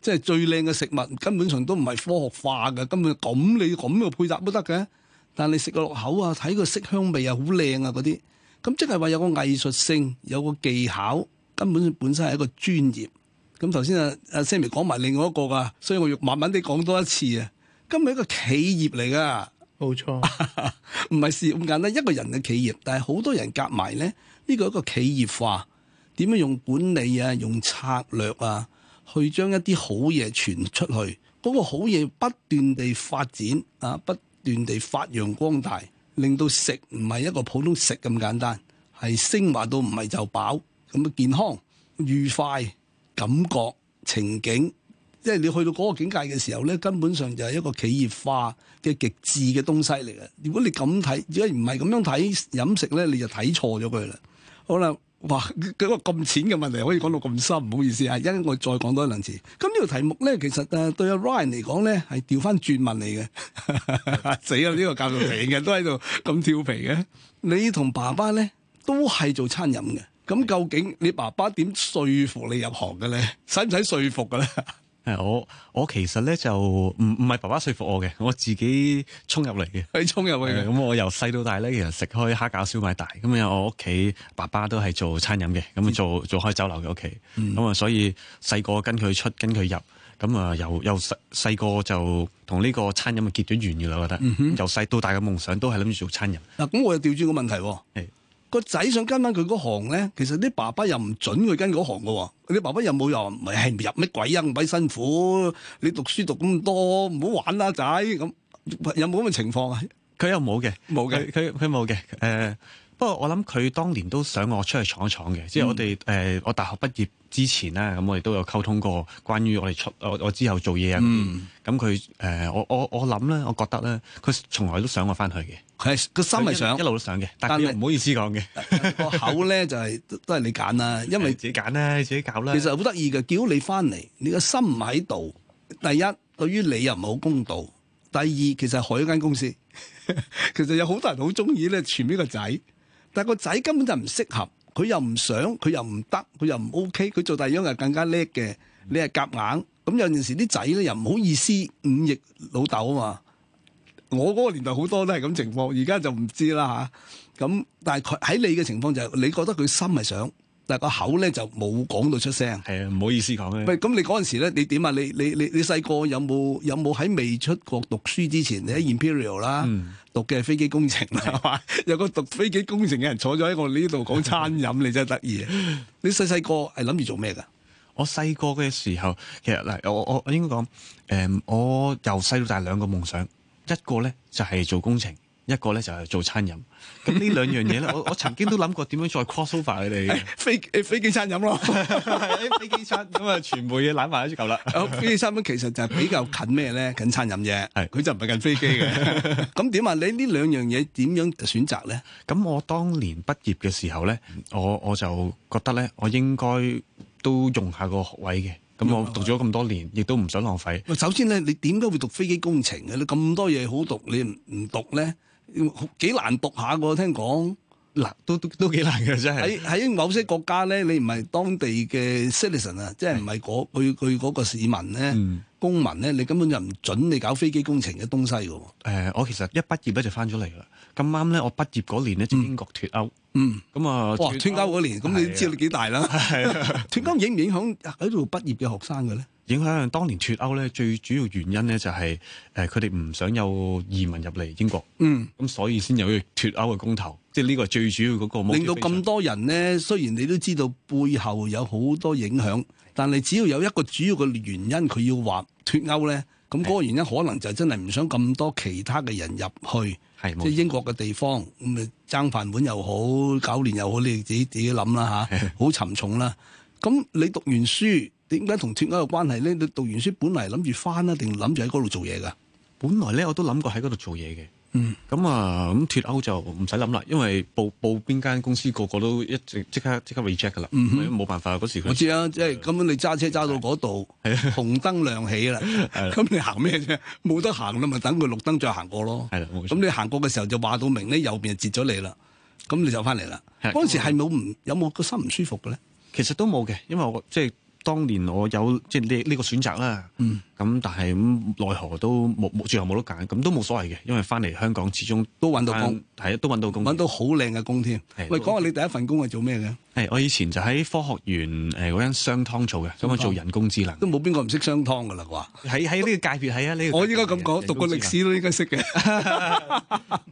即係最靚嘅食物，根本上都唔係科學化嘅。根本咁你咁嘅配搭都得嘅，但你食個落口啊，睇個色、香、味啊，好靚啊嗰啲。咁即係話有個藝術性，有個技巧。根本本身係一個專業咁。頭先阿阿 Sammy 講埋另外一個㗎，所以我要慢慢地講多一次啊。今日一個企業嚟㗎，冇錯，唔係 事業咁簡單。一個人嘅企業，但係好多人夾埋咧，呢、這個一個企業化點樣用管理啊，用策略啊，去將一啲好嘢傳出去，嗰、那個好嘢不斷地發展啊，不斷地發揚光大，令到食唔係一個普通食咁簡單，係升華到唔係就飽。咁嘅健康、愉快、感覺、情景，即係你去到嗰個境界嘅時候咧，根本上就係一個企業化嘅極致嘅東西嚟嘅。如果你咁睇，如果唔係咁樣睇飲食咧，你就睇錯咗佢啦。好啦，哇，嗰個咁淺嘅問題可以講到咁深，唔好意思啊，因我再講多一兩次。咁呢個題目咧，其實誒對阿 Ryan 嚟講咧，係調翻轉問嚟嘅。 死啦！呢個教授成日都喺度咁調皮嘅。 你同爸爸咧都係做餐飲嘅。咁究竟你爸爸點說服你入行嘅咧？使唔使說服嘅咧？誒，我我其實咧就唔唔係爸爸説服我嘅，我自己衝入嚟嘅，係衝入嚟嘅。咁我由細到大咧，其實食開蝦餃、燒賣大。咁啊，我屋企爸爸都係做餐飲嘅，咁啊做做開酒樓嘅屋企。咁啊、嗯，所以細個跟佢出，跟佢入。咁啊，又又細細個就同呢個餐飲啊結咗緣嘅啦。我覺得由細、嗯、哼到大嘅夢想都係諗住做餐飲。嗱，咁我又調轉個問題。個仔想跟翻佢嗰行咧，其實啲爸爸又唔準佢跟嗰行嘅喎。你爸爸又冇又唔係，係入乜鬼啊？唔鬼辛苦，你讀書讀咁多，唔好玩啦，啊，仔咁有冇咁嘅情況啊？佢又冇嘅，冇嘅的，佢佢冇嘅。誒，呃、 不過我諗佢當年都想我出去闖一闖嘅，即係我哋誒、呃、我大學畢業。之前咧，咁我哋都有溝通過，關於我哋出我我之後做嘢啊。咁佢誒，我我我諗咧，我覺得咧，佢從來都想我翻去嘅。係個心係想一，一路都想嘅，但係唔好意思講嘅。個、呃、 口咧就係、是、都係你揀啦，因為自己揀啦，自己搞啦。其實好得意嘅，叫你翻嚟，你個心唔喺度，第一對於你又唔係好公道，第二其實海一間公司其實有好多人好中意咧，傳俾個仔，但個仔根本就唔適合。.佢又唔想，佢又唔得，佢又唔 OK。佢做第二樣又更加叻嘅。嗯、你係夾硬咁，有陣時啲仔咧又唔好意思忤逆老豆啊嘛。我嗰個年代好多都係咁情況，而家就唔知啦嚇。咁、啊、但係佢喺你嘅情況就係、是、你覺得佢心係想。嗱個口咧就冇講到出聲，係啊，唔好意思講啊。唔係咁，你嗰陣時咧，你點啊？你你你你細個有冇有冇喺未出國讀書之前，你喺 Imperial 啦讀嘅係飛機工程啦，係嘛？有個讀飛機工程嘅人坐咗喺我呢度講餐飲，你真係得意啊！你細細個係諗住做咩㗎？我細個嘅時候，其實嗱，我我我應該講，誒，我由細到大兩個夢想，一個咧就係做工程。一個咧就係做餐飲，咁呢兩樣嘢咧， 我我曾經都諗過點樣再 cross over 你哋、哎、飛、哎、飛機餐飲咯，飛機餐咁啊，全盤嘢攬埋一嚿啦。 飛機餐其實就係比較近咩咧？近餐飲啫，係佢是就唔係近飛機嘅。咁點啊？你呢兩樣嘢點樣選擇咧？咁我當年畢業嘅時候咧，我我就覺得咧，我應該都用下個學位嘅。咁我讀咗咁多年，亦都唔想浪費。嗯、首先咧，你點解會讀飛機工程嘅咧？你咁多嘢好讀，你唔唔讀咧？幾難讀下我聽講，嗱都都都幾難嘅，真係。喺喺 某些國家咧，你唔係當地嘅 citizen 啊、嗰個，即係唔係嗰佢佢嗰個市民咧，嗯、公民咧，你根本就唔准你搞飛機工程嘅東西嘅。誒,我其實一畢業咧就翻咗嚟啦。咁啱咧，我畢業嗰年咧就英國脱歐。嗯，咁、哦、啊。哇歐，脱歐嗰年，咁你知你幾大啦？係啊，脱歐影唔影響喺度畢業嘅學生嘅咧？影響當年脫歐咧，最主要原因咧就係誒佢哋唔想有移民入嚟英國。嗯，咁所以先有去脫歐嘅公投，即係呢個最主要嗰、嗰個。令到咁多人咧，嗯、雖然你都知道背後有好多影響，但係只要有一個主要嘅原因，佢要話脫歐咧，咁嗰個原因可能就真係唔想咁多其他嘅人入去，是即係英國嘅地方咁啊錯爭飯碗又好，搞亂又好，你哋自己自己諗啦嚇，好沉重啦。咁 你讀完書。點解同脱歐嘅關係咧？你讀完書本嚟諗住翻啊，定諗住喺嗰度做嘢噶？本來咧，我都諗過喺嗰度做嘢嘅。嗯，咁啊，咁脱歐就唔使諗啦，因為報報邊間公司個個都一即即刻即刻 reject 噶啦。冇、嗯、哼辦法嗰時佢就。我知啊，即係咁樣，你揸車揸到嗰度，紅燈亮起啦，咁你行咩啫？冇得行啦，咪等佢綠燈再行過咯。係咁你行過嘅時候就話到明咧，右邊就截咗你啦。咁你就翻嚟啦。嗰時係冇唔有冇個心唔舒服嘅咧？ 其實都冇嘅，因為我即係。當年我有即係呢呢個選擇啦，咁但係咁奈何都冇冇最後冇得揀，咁都冇所謂嘅，因為翻嚟香港始終都揾到係都揾到工，揾到好靚嘅工添。喂，講下你第一份工係做咩嘅？誒，我以前就喺科學園誒嗰間商湯做嘅，想做人工智能，都冇邊個唔識商湯噶啦啩？喺喺呢個界別係啊呢個，我應該咁講，讀過歷史都應該識嘅。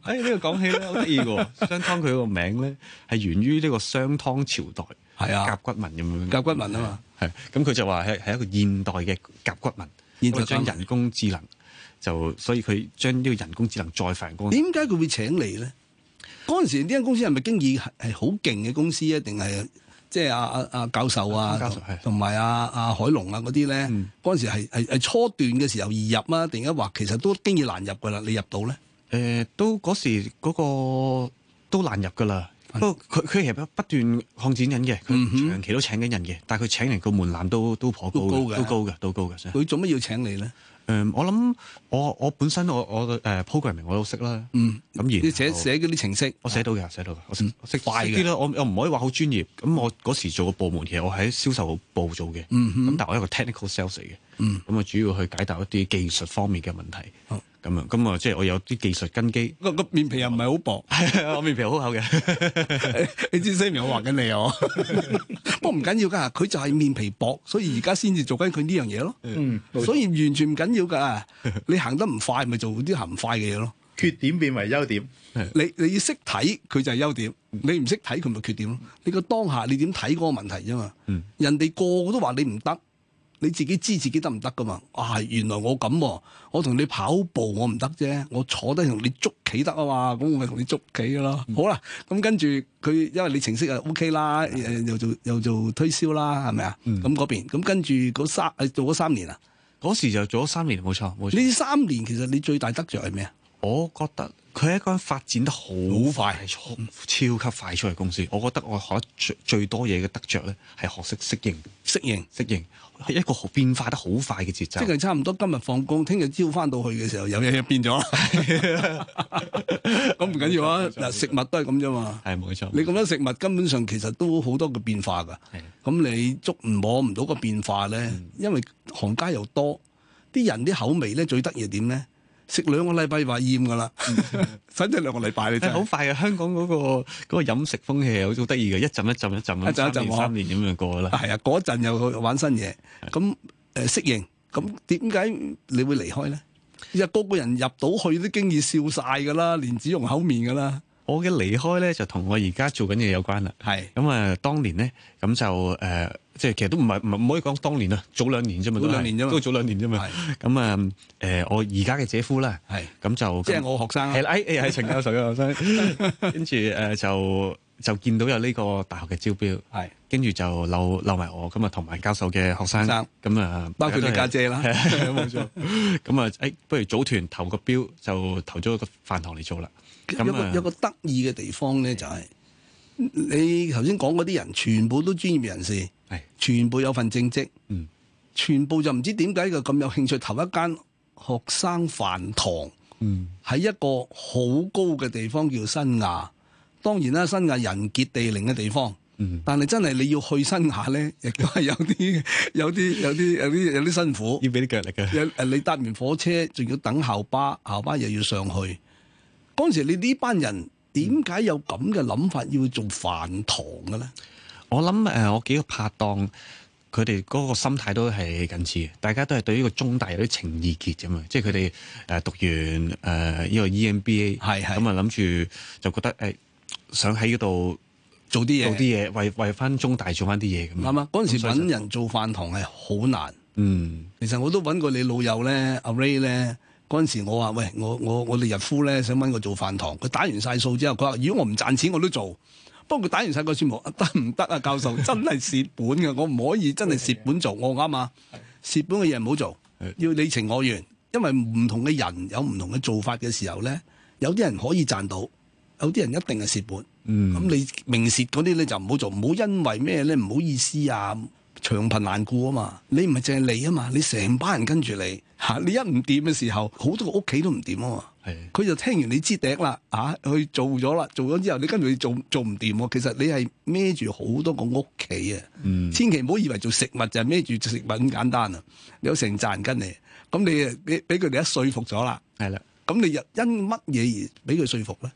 喺呢個講起咧，好得意喎！商湯佢個名咧係源於呢個商湯朝代。係啊，甲骨文咁樣，甲骨文啊嘛。係，咁佢就話係係一個現代嘅甲骨文，將人工智能就，所以佢將呢個人工智能再發光。點解佢會請你咧？嗰陣時呢間公司係咪經已係好勁嘅公司啊？定係即係阿阿阿教授啊，同埋阿阿海龍啊嗰啲咧？嗰陣時係係初段嘅時候易入啊，定係話其實都經已難入噶啦，你入到咧？誒，都嗰時嗰個都難入噶啦。不過佢佢其實不斷擴展人嘅，佢長期都請緊人嘅，但係佢請人個門檻都都頗高都高嘅、啊，都高嘅。佢做乜要請你咧？誒、嗯，我諗我我本身我我誒 programming 我都識啦。咁而寫寫嗰啲程式，我寫到嘅，寫到嘅、嗯，我識快啲啦。我我唔可以話好專業。咁我嗰時做個部門其實我喺銷售部做嘅。咁、嗯、哼但係我有一個 technical sales 嚟嘅。咁啊、嗯，主要去解答一啲技術方面嘅問題。咁啊，咁啊，即係我有啲技術根基。個個面皮又唔係好薄，係啊，我面皮好厚嘅。你知西明我話緊你啊，不過唔緊要㗎，佢就係面皮薄，所以而家先至做緊佢呢樣嘢咯。嗯，所以完全唔緊要㗎。你行得唔快，咪做啲行快嘅嘢咯。缺點變為優點，你你要識睇佢就係優點，你唔識睇佢咪缺點咯。你個當下你點睇嗰個問題啫嘛？嗯，人哋個個都話你唔得。你自己知自己得唔得噶嘛？哇、啊！原來我咁、啊，我同你跑步我唔得啫，我坐低同你捉棋得啊嘛，咁我咪同你捉棋咯。嗯、好啦，咁跟住佢，因為你程式又 OK 啦，誒又做又做，又做推銷啦，係咪、嗯、啊？咁嗰邊，咁跟住三誒做咗三年啊，嗰時就做咗三年，冇錯冇錯。呢三年其實你最大得著係咩啊？我覺得佢一個人發展得好快，係超級快速嘅公司。我覺得我學得最多嘢嘅得着咧，係學識適應、適應、適應，係一個變化得好快嘅節奏。即係差唔多今日放工，聽日朝翻到去嘅時候，有嘢嘢變咗。咁唔緊要啊！嗱，食物都係咁啫嘛。係冇錯。你咁多食物，根本上其實都好多嘅變化㗎。係。咁你捉唔摸唔到個變化咧，因為行家又多，啲人啲口味咧最得意係點咧？食兩個禮拜話厭㗎啦，反正兩個禮拜你真係好快嘅。香港嗰個嗰個飲食風氣係好得意嘅，一陣一陣一陣，三年三年咁樣過咧？係啊，嗰陣又去玩新嘢，咁誒適應，咁點解你會離開咧？因為個個人入到去都經已笑晒㗎啦，連子容口面㗎啦。我嘅離開咧就同我而家做緊嘢有關啦。係咁啊，當年咧咁就誒。即係其實都唔係唔唔可以講當年啦，早兩年啫嘛，都係早兩年啫嘛。咁啊，誒，我而家嘅姐夫啦，係咁就即係我學生，係啦，誒，係陳教授嘅學生。跟住誒，就就見到有呢個大學嘅招標，係跟住就留留埋我，咁啊，同埋教授嘅學生，咁啊，包括你家姐啦，冇錯。咁啊，誒，不如組團投個標，就投咗個飯堂嚟做啦。咁一個得意嘅地方咧，就係你頭先講嗰啲人，全部都專業人士。全部有份正職，嗯，全部就唔知點解佢咁有興趣投一間學生飯堂，嗯，喺一個好高嘅地方叫新亞，當然啦，新亞人傑地靈嘅地方，嗯，但係真係你要去新亞呢，亦都係有啲有啲有啲有啲有啲辛苦，要俾啲腳力嘅，有，你搭完火車，仲要等校巴，校巴又要上去。當時你呢班人點解有咁嘅諗法要做飯堂嘅咧？我諗誒、呃，我幾個拍檔，佢哋嗰個心態都係近似嘅，大家都係對呢個中大有啲情意結啫嘛，即係佢哋誒讀完誒呢、呃這個 EMBA，咁啊諗住就覺得誒、哎、想喺嗰度做啲嘢，做啲嘢為為翻中大做翻啲嘢咁啊。嗰陣嗎時以搵人做飯堂係好難，嗯，其實我都搵過你老友咧，阿 Ray 咧，嗰陣時我話喂，我我我哋日夫咧想搵我做飯堂，佢打完晒數之後，佢話如果我唔賺錢我都做。 不過打完曬個算盤得唔得啊？教授真係蝕本嘅，我唔可以真係蝕本做，我啱嘛？蝕本嘅嘢唔好做，要你情我願，因為唔同嘅人有唔同嘅做法嘅時候咧，有啲人可以賺到，有啲人一定係蝕本。咁、嗯、你明蝕嗰啲咧就唔好做，唔好因為咩咧唔好意思啊，長貧難顧啊嘛。你唔係淨係你啊嘛，你成班人跟住你。嚇，你一唔掂嘅時候，好多個屋企都唔掂啊嘛。佢就聽完你支笛啦，嚇、啊、去做咗啦，做咗之後你跟住做做唔掂喎。其實你係孭住好多個屋企啊，嗯、千祈唔好以為做食物就係孭住食物咁簡單啊。有成紮人跟你，咁你俾俾佢哋一說服咗啦。係啦的，咁你因乜嘢而俾佢說服咧？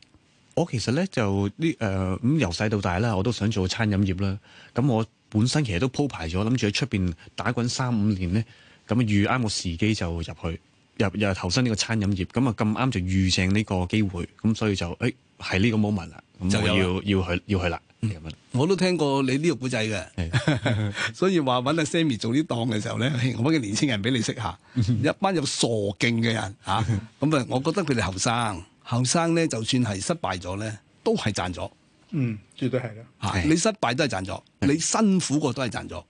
我其實咧就啲誒咁由細到大啦，我都想做餐飲業啦。咁我本身其實都鋪排咗，諗住喺出邊打滾三五年咧，咁遇啱個時機就入去。入入投身呢個餐飲業，咁啊咁啱就遇上呢個機會，咁所以就誒係呢個 moment 啦，要就要要去要去啦、嗯。我都聽過你呢個古仔嘅， 所以話揾阿 Sammy 做呢檔嘅時候咧，我揾啲年輕人俾你識下， 一班有傻勁嘅人嚇，咁啊，我覺得佢哋後生，後生咧就算係失敗咗咧，都係賺咗。嗯，絕對係啦。 你失敗都係賺咗，你辛苦過都係賺咗。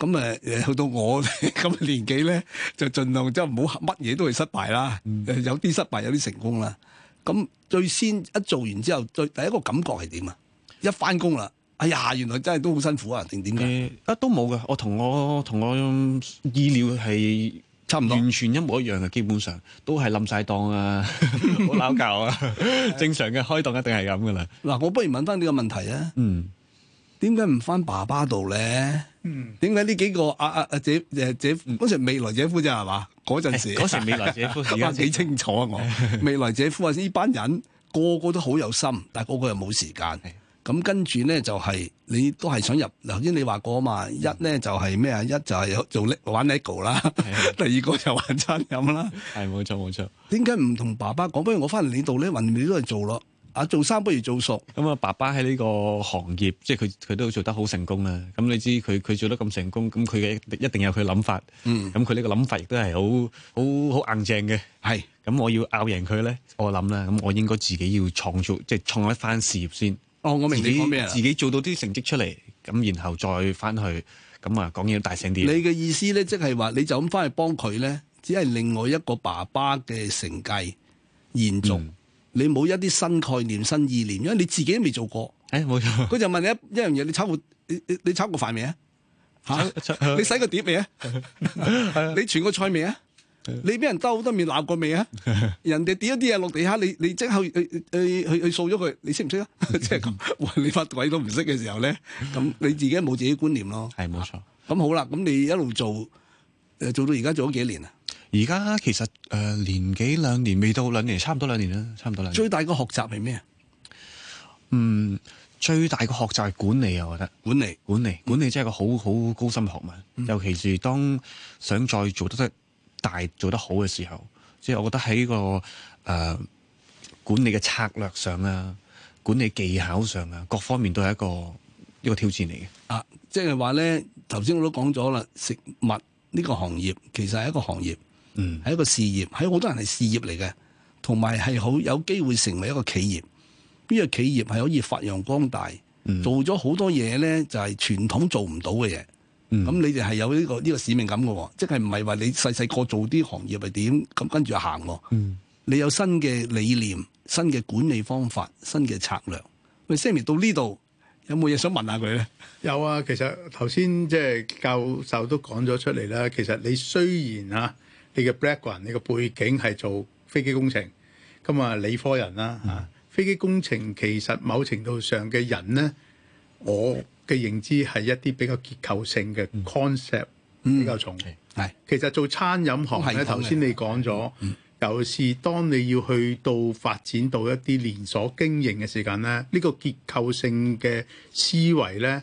咁啊，去到我咁嘅年紀咧，就盡量即係唔好乜嘢都會失敗啦，有啲失敗，有啲成功啦。咁最先一做完之後，最第一個感覺係點啊？一翻工啦，哎呀，原來真係都好辛苦啊，定點？啊，都冇嘅，我同我同我意料係差唔多，完全一模一樣嘅，基本上都係冧晒檔啊，冇鬧交啊，正常嘅開檔一定係咁噶啦。嗱，我不如問翻你個問題啊。嗯。點解唔翻爸爸度咧？點解呢幾個阿阿阿姐、姐夫嗰時未來姐夫啫係嘛？嗰陣時 時未來姐夫，而家幾清楚啊！我未來姐夫話：呢班人個個都好有心，但個個又冇時間。咁是的、嗯、跟住咧就係、是、你都係想入頭先，你話過嘛？一咧就係咩啊？一就係有做玩 lego 啦，是的 第二個就玩餐飲啦。係冇錯冇錯。點解唔同爸爸講？不如我翻嚟你度咧，雲你都係做咯。啊，做生不如做熟咁啊，嗯！爸爸喺呢個行業，即係佢，佢都做得好成功啦。咁你知佢佢做得咁成功，咁佢嘅一定有佢諗法。咁佢呢個諗法亦都係好好好硬正嘅。係是，咁，嗯、我要拗贏佢咧，我諗啦，咁我應該自己要創造，即係創一番事業先。哦，我明己你講咩啦？自己做到啲成績出嚟，咁然後再翻去，咁啊講嘢大聲啲。你嘅意思咧，即係話你就咁翻去幫佢咧，只係另外一個爸爸嘅承繼延續。嗯你冇一啲新概念、新意念，因為你自己都未做過。誒，冇錯。佢就問你一一樣嘢，你炒過你你你炒過飯未啊？嚇！你洗過碟未啊？你傳過菜未啊？你俾人兜好多面鬧過未啊？人哋跌一啲嘢落地下，你你即刻去去去去掃咗佢，你識唔識啊？即係咁，哇！你發鬼都唔識嘅時候咧，咁你自己冇自己觀念咯。係冇錯。咁好啦，咁你一路做誒做到而家做咗幾年啊？而家其實誒年幾兩年未到兩年，差唔多兩年啦，差唔多兩年。最大個學習係咩啊？嗯，最大個學習係管理啊，我覺得管理管理管理真係個好好高深嘅學問。嗯、尤其是當想再做得大做得好嘅時候，即係我覺得喺個誒管理嘅策略上啊，管理技巧上啊，各方面都係一個一個挑戰嚟嘅。啊，即係話咧，頭先我都講咗啦，食物呢個行業其實係一個行業。嗯，係一個事業，喺好多人係事業嚟嘅，同埋係好有機會成為一個企業。呢個企業係可以發揚光大，嗯、做咗好多嘢咧，就係傳統做唔到嘅嘢。咁、嗯、你哋係有呢個呢個使命感嘅，即係唔係話你細細個做啲行業係點，咁跟住行。嗯、你有新嘅理念、新嘅管理方法、新嘅策略。喂，Sammy，到呢度有冇嘢想問下佢咧？有啊，其實頭先即係教授都講咗出嚟啦。其實你雖然吓、啊。你嘅 background 你嘅背景係做飛機工程，咁啊理科人啦嚇、嗯啊。飛機工程其實某程度上嘅人咧，我嘅認知係一啲比較結構性嘅 concept、嗯、比較重。係、嗯、其實做餐飲行咧，頭先的你講咗，尤其是當你要去到發展到一啲連鎖經營嘅時間咧，呢、這個結構性嘅思維咧，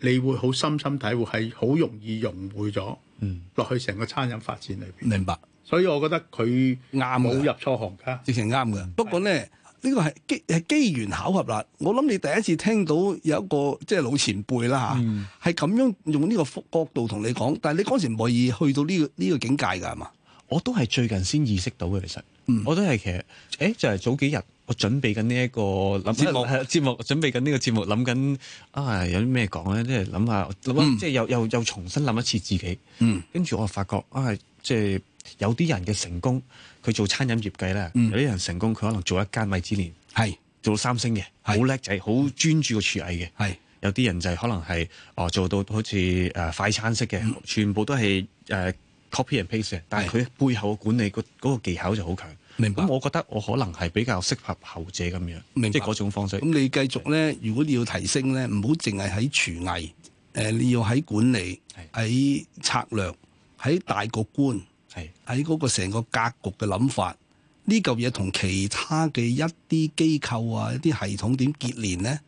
你會好深深體會，係好容易融會咗。嗯，落去成個餐飲發展裏邊，明白。所以我覺得佢啱，冇入錯行㗎，直情啱㗎。不過咧，呢個係機係機緣巧合啦。我諗你第一次聽到有一個即係、就是、老前輩啦嚇，係咁、嗯、樣用呢個角度同你講。但係你嗰時唔可以去到呢、這個呢、這個境界㗎係嘛？我都係最近先意識到嘅其實，嗯、我都係其實，誒、欸、就係、是、早幾日。我準備緊呢一個諗節目，節目準備緊呢個節目，諗緊啊，有啲咩講咧？想想嗯、即係諗下，諗即係又又又重新諗一次自己。嗯，跟住我又發覺啊，即係有啲人嘅成功，佢做餐飲業界咧，嗯、有啲人成功佢可能做一間米芝蓮，係是做三星嘅，好叻仔，好專注個廚藝嘅。係是有啲人就係可能係哦做到好似誒快餐式嘅，全部都係誒 copy and paste 嘅，但係佢背後嘅管理嗰嗰個技巧就好強。明白，我覺得我可能係比較適合後者咁樣，明白即係嗰種方式。咁你繼續咧，的如果你要提升咧，唔好淨係喺廚藝，誒、呃，你要喺管理、喺的策略、喺大局觀、喺嗰的個成個格局嘅諗法，呢嚿嘢同其他嘅一啲機構啊、一啲系統點結連咧，呢、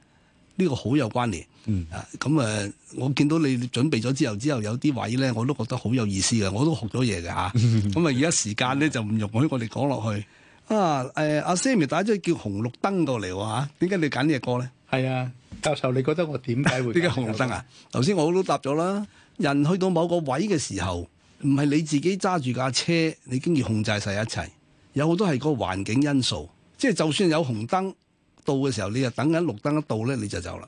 呢個好有關聯。嗯啊，咁啊，我見到你準備咗之後，之後有啲位咧，我都覺得好有意思嘅，我都學咗嘢嘅嚇。咁啊，而家時間咧就唔容許我哋講落去啊。誒，阿 Sammy 打咗叫紅綠燈過嚟喎嚇，點解你揀呢隻歌咧？係啊，教授，你覺得我點解會？點解紅綠燈啊？頭先我都答咗啦。人去到某個位嘅時候，唔係你自己揸住架車，你經已控制晒一切。有好多係個環境因素，即係就算有紅燈到嘅時候，你就等緊綠燈一到咧，你就走啦。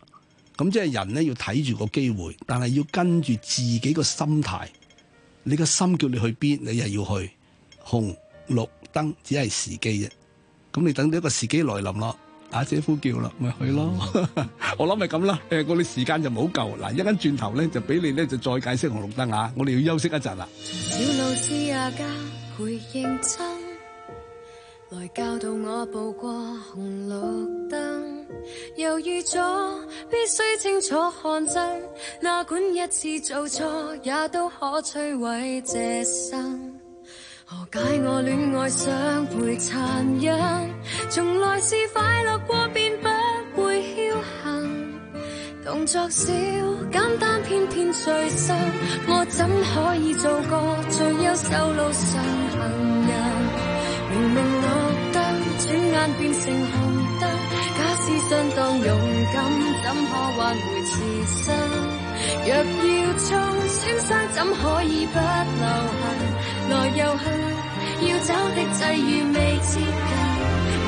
咁即係人咧要睇住個機會，但係要跟住自己個心態。你個心叫你去邊，你係要去紅綠燈，只係時機啫。咁你等到一個時機來臨咯，阿、啊、姐呼叫啦，咪去咯。 我諗咪咁啦。誒、呃，我哋時間就冇好夠。嗱，一間轉頭咧就俾你咧就再解釋紅綠燈吓、啊。我哋要休息一陣啦。小來教導我步過紅綠燈，猶豫咗必須清楚看真，哪管一次做錯也都可摧毀這生。何解我戀愛雙倍殘忍？從來是快樂過便不會僥幸，動作少簡單偏偏最深，我怎可以做個最優秀路上行人？明明。變成紅燈，假使相當勇敢，怎可挽回此生？若要衝損傷，怎可以不留痕？來又去，要走的際遇未接近。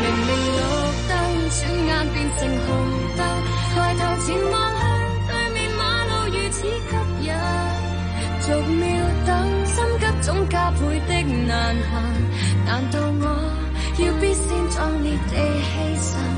明明綠燈，轉眼變成紅燈，抬頭前望向對面馬路如此吸引，逐秒等，心急總加倍的難行。難道，先壯烈地犧牲。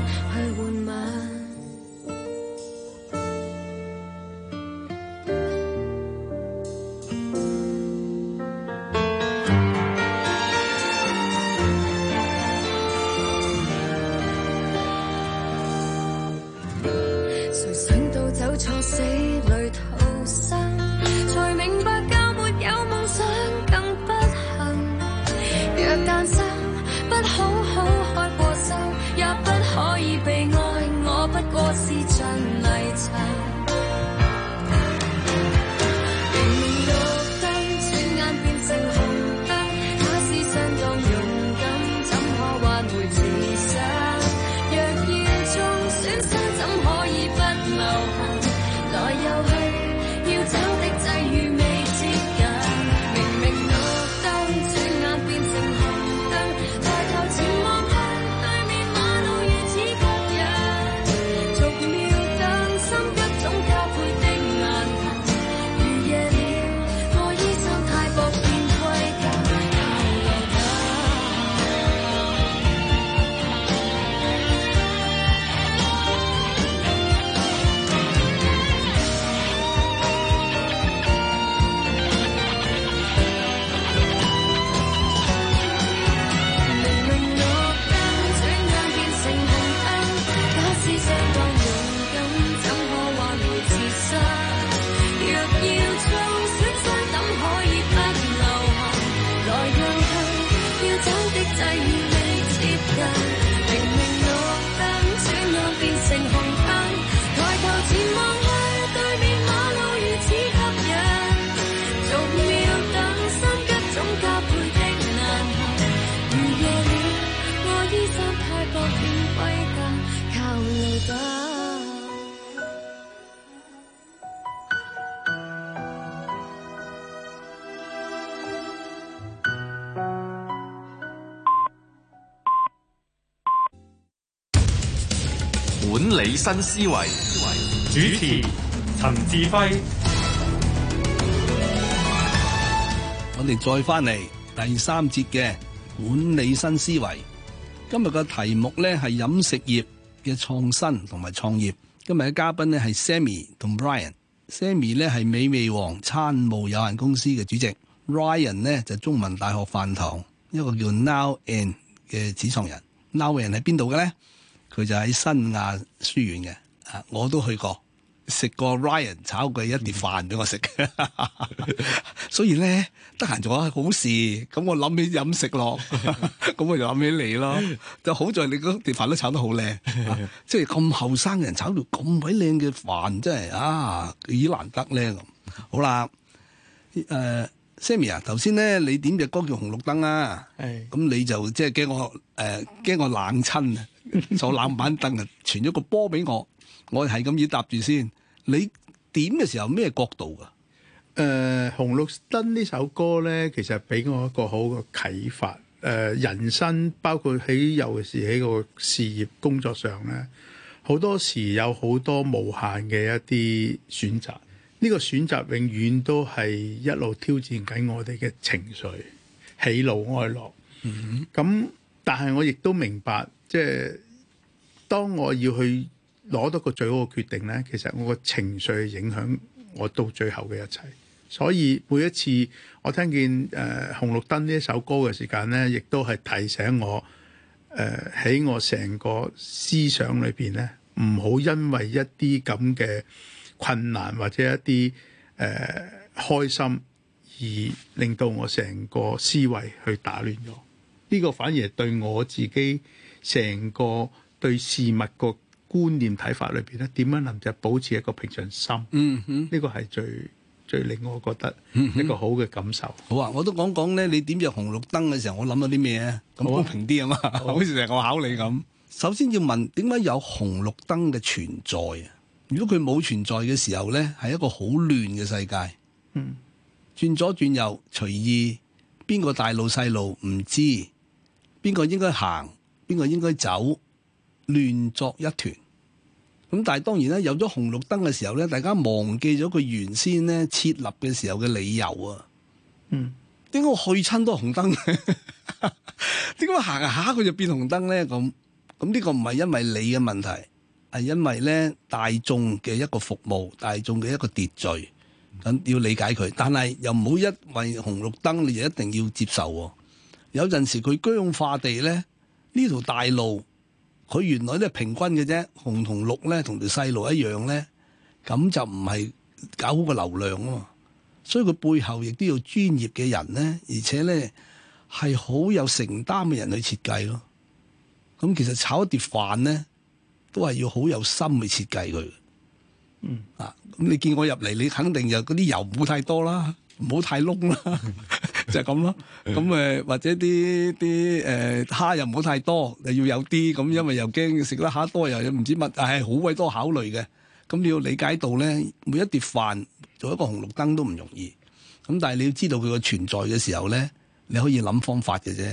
新思維，主持陳志輝。我哋再翻嚟第三節嘅管理新思維。今日個題目呢係飲食業嘅創新同埋創業。今日嘅嘉賓呢係 Sammy 同 Brian。Sammy 呢係美味王餐務有限公司嘅主席，Brian 呢就是、中文大學飯堂一個叫 Now and 嘅始創人。Now and 喺邊度嘅呢？佢就喺新亞書院嘅，啊，我都去過，食過 Ryan 炒過一碟飯俾我食，所以咧得閒做下好事，咁我諗起飲食咯，咁我就諗起你咯，就好在你嗰碟飯都炒得好靚，即係咁後生人炒到咁鬼靚嘅飯，真係啊咦，難得咧咁。好啦，誒 Sammy 啊，頭先咧你點嘅歌叫紅綠燈啊，咁你就即係驚我誒驚我冷親啊！坐冷 板凳啊，傳咗個波俾我，我係咁要搭住先。你點嘅時候咩角度㗎？誒、呃，《紅綠燈》呢首歌咧，其實俾我一個好嘅啟發。誒、呃，人生包括喺尤其是喺個事業工作上咧，好多時有好多無限嘅一啲選擇。呢、這個選擇永遠都係一路挑戰緊我哋嘅情緒，喜怒哀樂。咁、嗯，但係我亦都明白。即係當我要去攞到個最好嘅決定咧，其實我個情緒影響我到最後嘅一切。所以每一次我聽見誒紅綠燈呢一首歌嘅時間咧，亦都係提醒我誒喺、呃、我成個思想裏邊咧，唔好因為一啲咁嘅困難或者一啲誒、呃、開心而令到我成個思維去打亂咗。呢、這個反而係對我自己。成個對事物個觀念睇法裏邊咧，點樣能夠保持一個平常心？呢、嗯嗯、個係最最令我覺得一個好嘅感受。嗯嗯嗯、好啊，我都講講咧，你點着紅綠燈嘅時候，我諗到啲咩？咁好平啲啊嘛，好似成日我考你咁。好首先要問點解有紅綠燈嘅存在？如果佢冇存在嘅時候咧，係一個好亂嘅世界。轉、嗯、左轉右，隨意，邊個大路細路唔知邊個應該行？邊個應該走？亂作一團咁，但係當然咧，有咗紅綠燈嘅時候咧，大家忘記咗佢原先咧設立嘅時候嘅理由啊。嗯，點解我去親都係紅燈？點解行下佢就變紅燈咧？咁咁呢個唔係因為你嘅問題，係因為咧大眾嘅一個服務、大眾嘅一個秩序，咁要理解佢。但係又唔好因為紅綠燈，你就一定要接受。有陣時佢僵化地咧。呢條大路佢原來咧平均嘅啫，紅同綠咧同條細路一樣咧，咁就唔係搞好個流量啊嘛。所以佢背後亦都要專業嘅人咧，而且咧係好有承擔嘅人去設計咯。咁其實炒一碟飯咧，都係要好有心去設計佢。嗯啊，咁你見我入嚟，你肯定就嗰啲油唔好太多啦，唔好太燶啦。 就咁咯，咁呀誒或者啲啲誒蝦又唔好太多，又要有啲咁，因為又驚食得蝦多又唔知乜，係好鬼多考慮嘅。咁你要理解到咧，每一碟飯做一個紅綠燈都唔容易。咁但係你要知道佢嘅存在嘅時候咧，你可以諗方法嘅啫。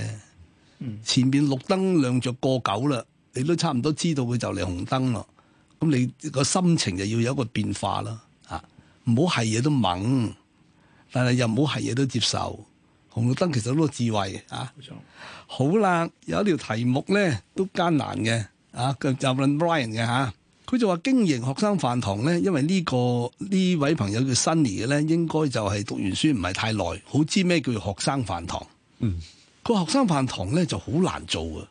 前面綠燈亮着過久啦，你都差唔多知道佢就嚟紅燈咯。咁你個心情就要有一個變化啦。啊，唔好係嘢都猛，但係又唔好係嘢都接受。紅綠燈其實好多智慧嘅，冇錯、啊、嚇，好啦，有一條題目咧都艱難嘅啊，就問 Brian 嘅嚇，佢、啊、就話經營學生飯堂咧，因為呢、呢個呢位朋友叫 Sunny 嘅咧，應該就係讀完書唔係太耐，好知咩叫做學生飯堂。嗯，個學生飯堂咧就好難做啊，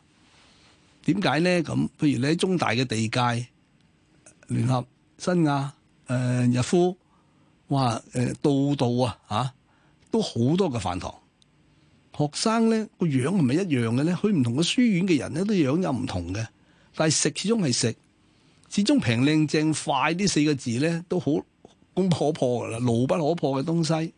點解咧？咁譬如你喺中大嘅地界聯合新亞、誒、呃、逸夫，哇誒道道啊嚇、啊，都好多個飯堂。啊學生咧個樣係咪一樣嘅咧？佢唔同嘅書院嘅人咧都樣有唔同嘅，但係食始終係食，始終平靚正快呢四個字咧都好攻可破㗎啦，牢不可破嘅東西。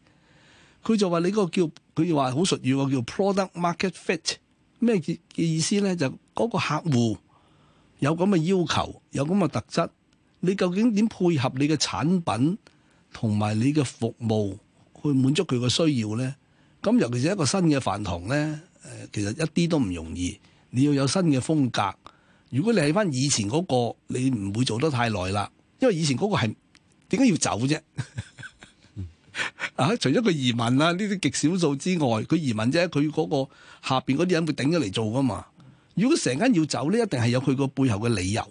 佢就話你嗰個叫佢話好術語喎，叫 product market fit，咩嘅意思咧？就嗰、是、個客戶有咁嘅要求，有咁嘅特質，你究竟點配合你嘅產品同埋你嘅服務去滿足佢嘅需要咧？咁尤其是一個新嘅飯堂咧，誒，其實一啲都唔容易。你要有新嘅風格。如果你係翻以前嗰個，你唔會做得太耐啦。因為以前嗰個係點解要走啫？ 啊，除咗佢移民啦、啊，呢啲極少數之外，佢移民啫，佢嗰個下邊嗰啲人會頂咗嚟做㗎嘛。如果成間要走呢，一定係有佢個背後嘅理由。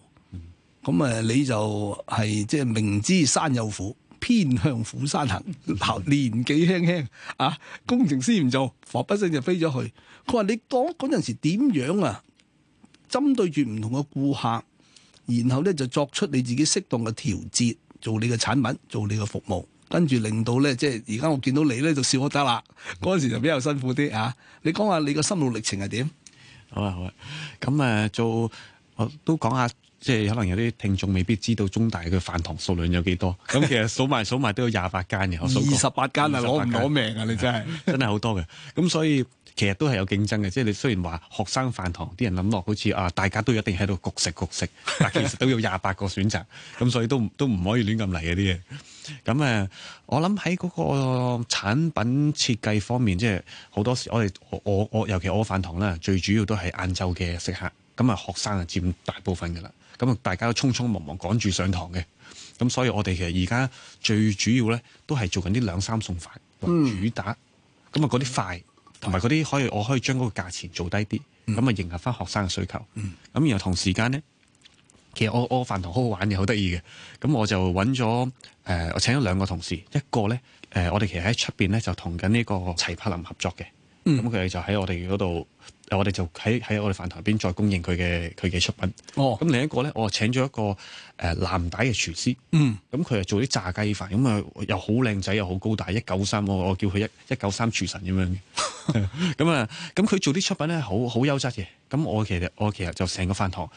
咁啊、嗯嗯，你就係即係明知山有虎。偏向虎山行，年紀輕輕啊，工程師唔做，佛不聲就飛咗去。佢話：你當嗰陣時點樣啊？針對住唔同嘅顧客，然後咧就作出你自己適當嘅調節，做你嘅產品，做你嘅服務，跟住令到咧即係而家我見到你咧就笑得啦。嗰陣時就比較辛苦啲啊！你講下你個心路歷程係點啊？好啊好啊，咁誒做我都講下。即係可能有啲聽眾未必知道中大嘅飯堂數量有幾多，咁其實數埋 數埋都有廿八間嘅。二十八間啊，攞唔攞命啊！間你真係 真係好多嘅。咁所以其實都係有競爭嘅。即係你雖然話學生飯堂啲人諗落好似啊，大家都一定喺度焗食焗食，但其實都有廿八個選擇。咁 所以都都唔可以亂咁嚟嗰啲嘢。咁誒，我諗喺嗰個產品設計方面，即係好多時我哋我我尤其我飯堂咧，最主要都係晏晝嘅食客。咁啊，學生啊佔大部分㗎啦。咁啊，大家都匆匆忙忙趕住上堂嘅，咁所以我哋其實而家最主要咧，都係做緊啲兩三餸飯，主、嗯、打。咁啊，嗰啲快同埋嗰啲可以，我可以將嗰個價錢做低啲，咁啊、嗯、迎合翻學生嘅需求。咁、嗯、然後同時間咧，其實我我飯堂好好玩嘅，好得意嘅。咁我就揾咗誒，我請咗兩個同事，一個咧誒、呃，我哋其實喺出邊咧就同緊呢個齊柏林合作嘅。咁佢哋就喺我哋嗰度。我哋就喺喺我哋飯堂入邊再供應佢嘅佢嘅出品。哦，咁另一個咧，我請咗一個誒藍帶嘅廚師。嗯，咁佢又做啲炸雞飯，咁啊又好靚仔又好高大，一九三，我我叫佢一一九三廚神咁樣嘅。咁啊、 嗯，咁佢做啲出品咧，好好優質嘅。咁我其實我其實就成個飯堂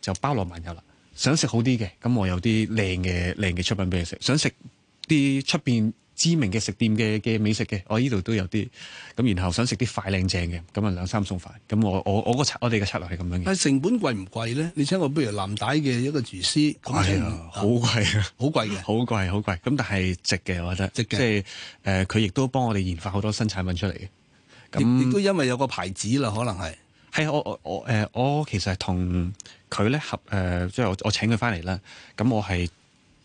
就包羅萬有啦。想食好啲嘅，咁我有啲靚嘅靚嘅出品俾佢食。想食啲出邊知名嘅食店嘅嘅美食嘅，我依度都有啲咁，然後想食啲快靚正嘅，咁啊兩三餸飯，咁我我我個策我哋嘅策略係咁樣嘅。但係成本貴唔貴咧？你請我不如藍帶嘅一個廚師咁好貴啊！好貴嘅，好貴好貴咁，但係值嘅，我覺得值嘅。即係誒，佢、呃、亦都幫我哋研發好多新產品出嚟嘅。亦都因為有個牌子啦，可能係係我我我我、呃、我其實同佢咧合誒、呃，即係我我，我請佢翻嚟啦。咁我係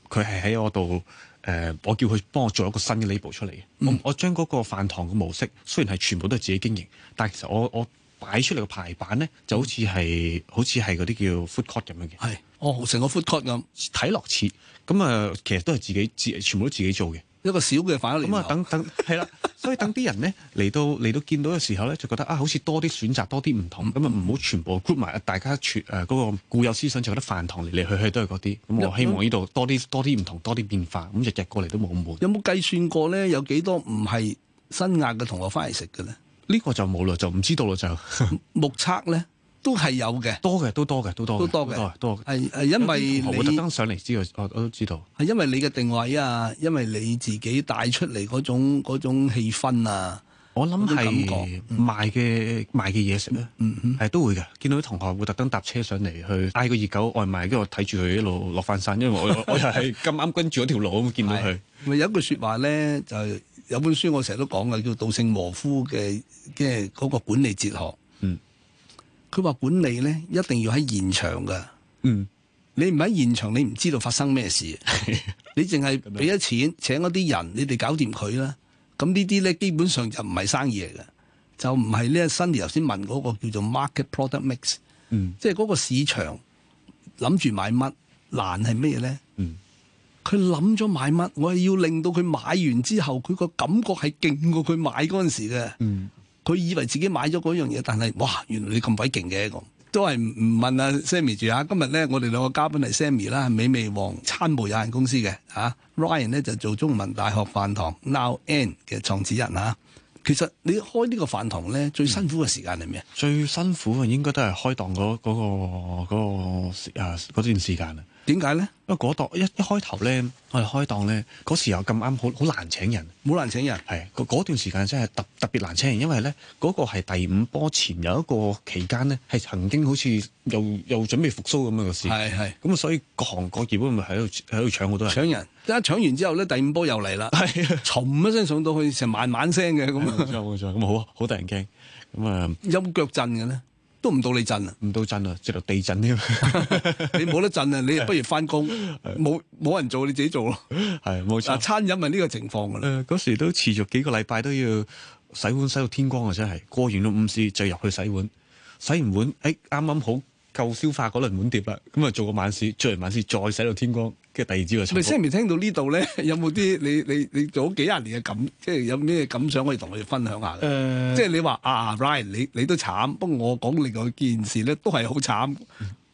佢係喺我度。誒、呃，我叫佢幫我做一個新嘅 label 出嚟嘅、嗯。我我將嗰個飯堂嘅模式，雖然係全部都係自己經營，但係其實我我擺出嚟嘅排版咧，就好似係好似係嗰啲叫 Food Court 咁樣嘅。係、哎，哦，成個 Food Court 咁，睇落似。咁啊、呃，其實都係自己，自全部都自己做嘅。一個小嘅反饋。咁啊，等等係啦，所以等啲人咧嚟到嚟到見到嘅時候咧，就覺得啊，好似多啲選擇，多啲唔同。咁啊，唔好全部 group 埋，大家全誒嗰、呃嗰個固有思想，就覺得飯堂嚟嚟去去都係嗰啲。咁我希望呢度多啲那多啲唔同，多啲變化。咁日日過嚟都冇咁悶。有冇計算過咧？有幾多唔係新亞嘅同學翻嚟食嘅咧？呢個就冇啦，就唔知道啦，就。 目測咧。都係有嘅，多嘅都多嘅，都多嘅，都多嘅，多嘅。係係因為我特登上嚟知嘅，我都知道。係因為你嘅定位啊，因為你自己帶出嚟嗰種嗰種氣氛啊，我諗想係賣嘅、嗯、賣嘅嘢食咧，係、嗯嗯、都會嘅。見到啲同學會特登搭車上嚟去嗌個熱狗外賣，跟住我睇住佢一路落返山，因為我 我又係咁啱跟住嗰條路咁見到佢。咪有一句説話咧，就係、是、有本書我成日都講嘅，叫稻盛和夫嘅，即係嗰個管理哲學。佢話管理咧一定要喺現場噶，嗯，你唔喺現場，你唔知道發生咩事， 你淨係俾咗錢， 請嗰啲人，你哋搞掂佢啦。咁呢啲咧，基本上就唔係生意嚟嘅，就唔係咧。Sunday 頭先問嗰個叫做 market product mix，嗯，即係嗰個市場諗住買乜難係咩咧？嗯，佢諗咗買乜，我係要令到佢買完之後，佢個感覺係勁過佢買嗰陣時嘅，嗯。佢以為自己買咗嗰樣嘢，但係哇，原來你咁鬼勁嘅咁，都係唔問阿 Sammy 住吓！今日咧，我哋兩個嘉賓係 Sammy 啦，美味王餐務有限公司嘅啊，Ryan 咧就做中文大學飯堂 Now& 嘅創始人啊。其實你開呢個飯堂咧，最辛苦嘅時間係咩、嗯？最辛苦嘅應該都係開檔嗰嗰、嗰個嗰啊、嗰個嗰個、段時間啊。點解咧？為呢因為嗰檔一一開頭咧，我哋開檔咧，嗰時候咁啱好好難請人，冇難請人，係嗰段時間真係特特別難請人，因為咧嗰、嗰個係第五波前有一個期間咧，係曾經好似又又準備復甦咁樣嘅事，係係咁，所以各行各業咪喺度喺度搶好多人，搶人一搶完之後咧，第五波又嚟啦，沉 一聲上到去成萬萬聲嘅。咁冇錯冇錯，咁好啊，好得人驚咁啊！ 嗯、有冇腳震嘅咧？都唔到你震，唔到震啊！直到地震添， 你冇得震啊！你不如翻工，冇冇 人做，你自己做咯。係冇錯。嗱，餐飲係呢個情況噶啦。嗰、呃、時都持續幾個禮拜都要洗碗洗到天光啊！真係過完咗午市就入去洗碗，洗完碗，哎，啱啱好夠消化嗰輪碗碟啦。咁啊，做個晚市，做完晚市再洗到天光。即第二招啊！咪先未傾到呢度咧，有冇啲你你你做咗幾廿年嘅感，即係有咩感想可以同我哋分享下？誒、呃，即係你話啊，Ryan，你你都慘。不過我講另外件事咧，都係好慘。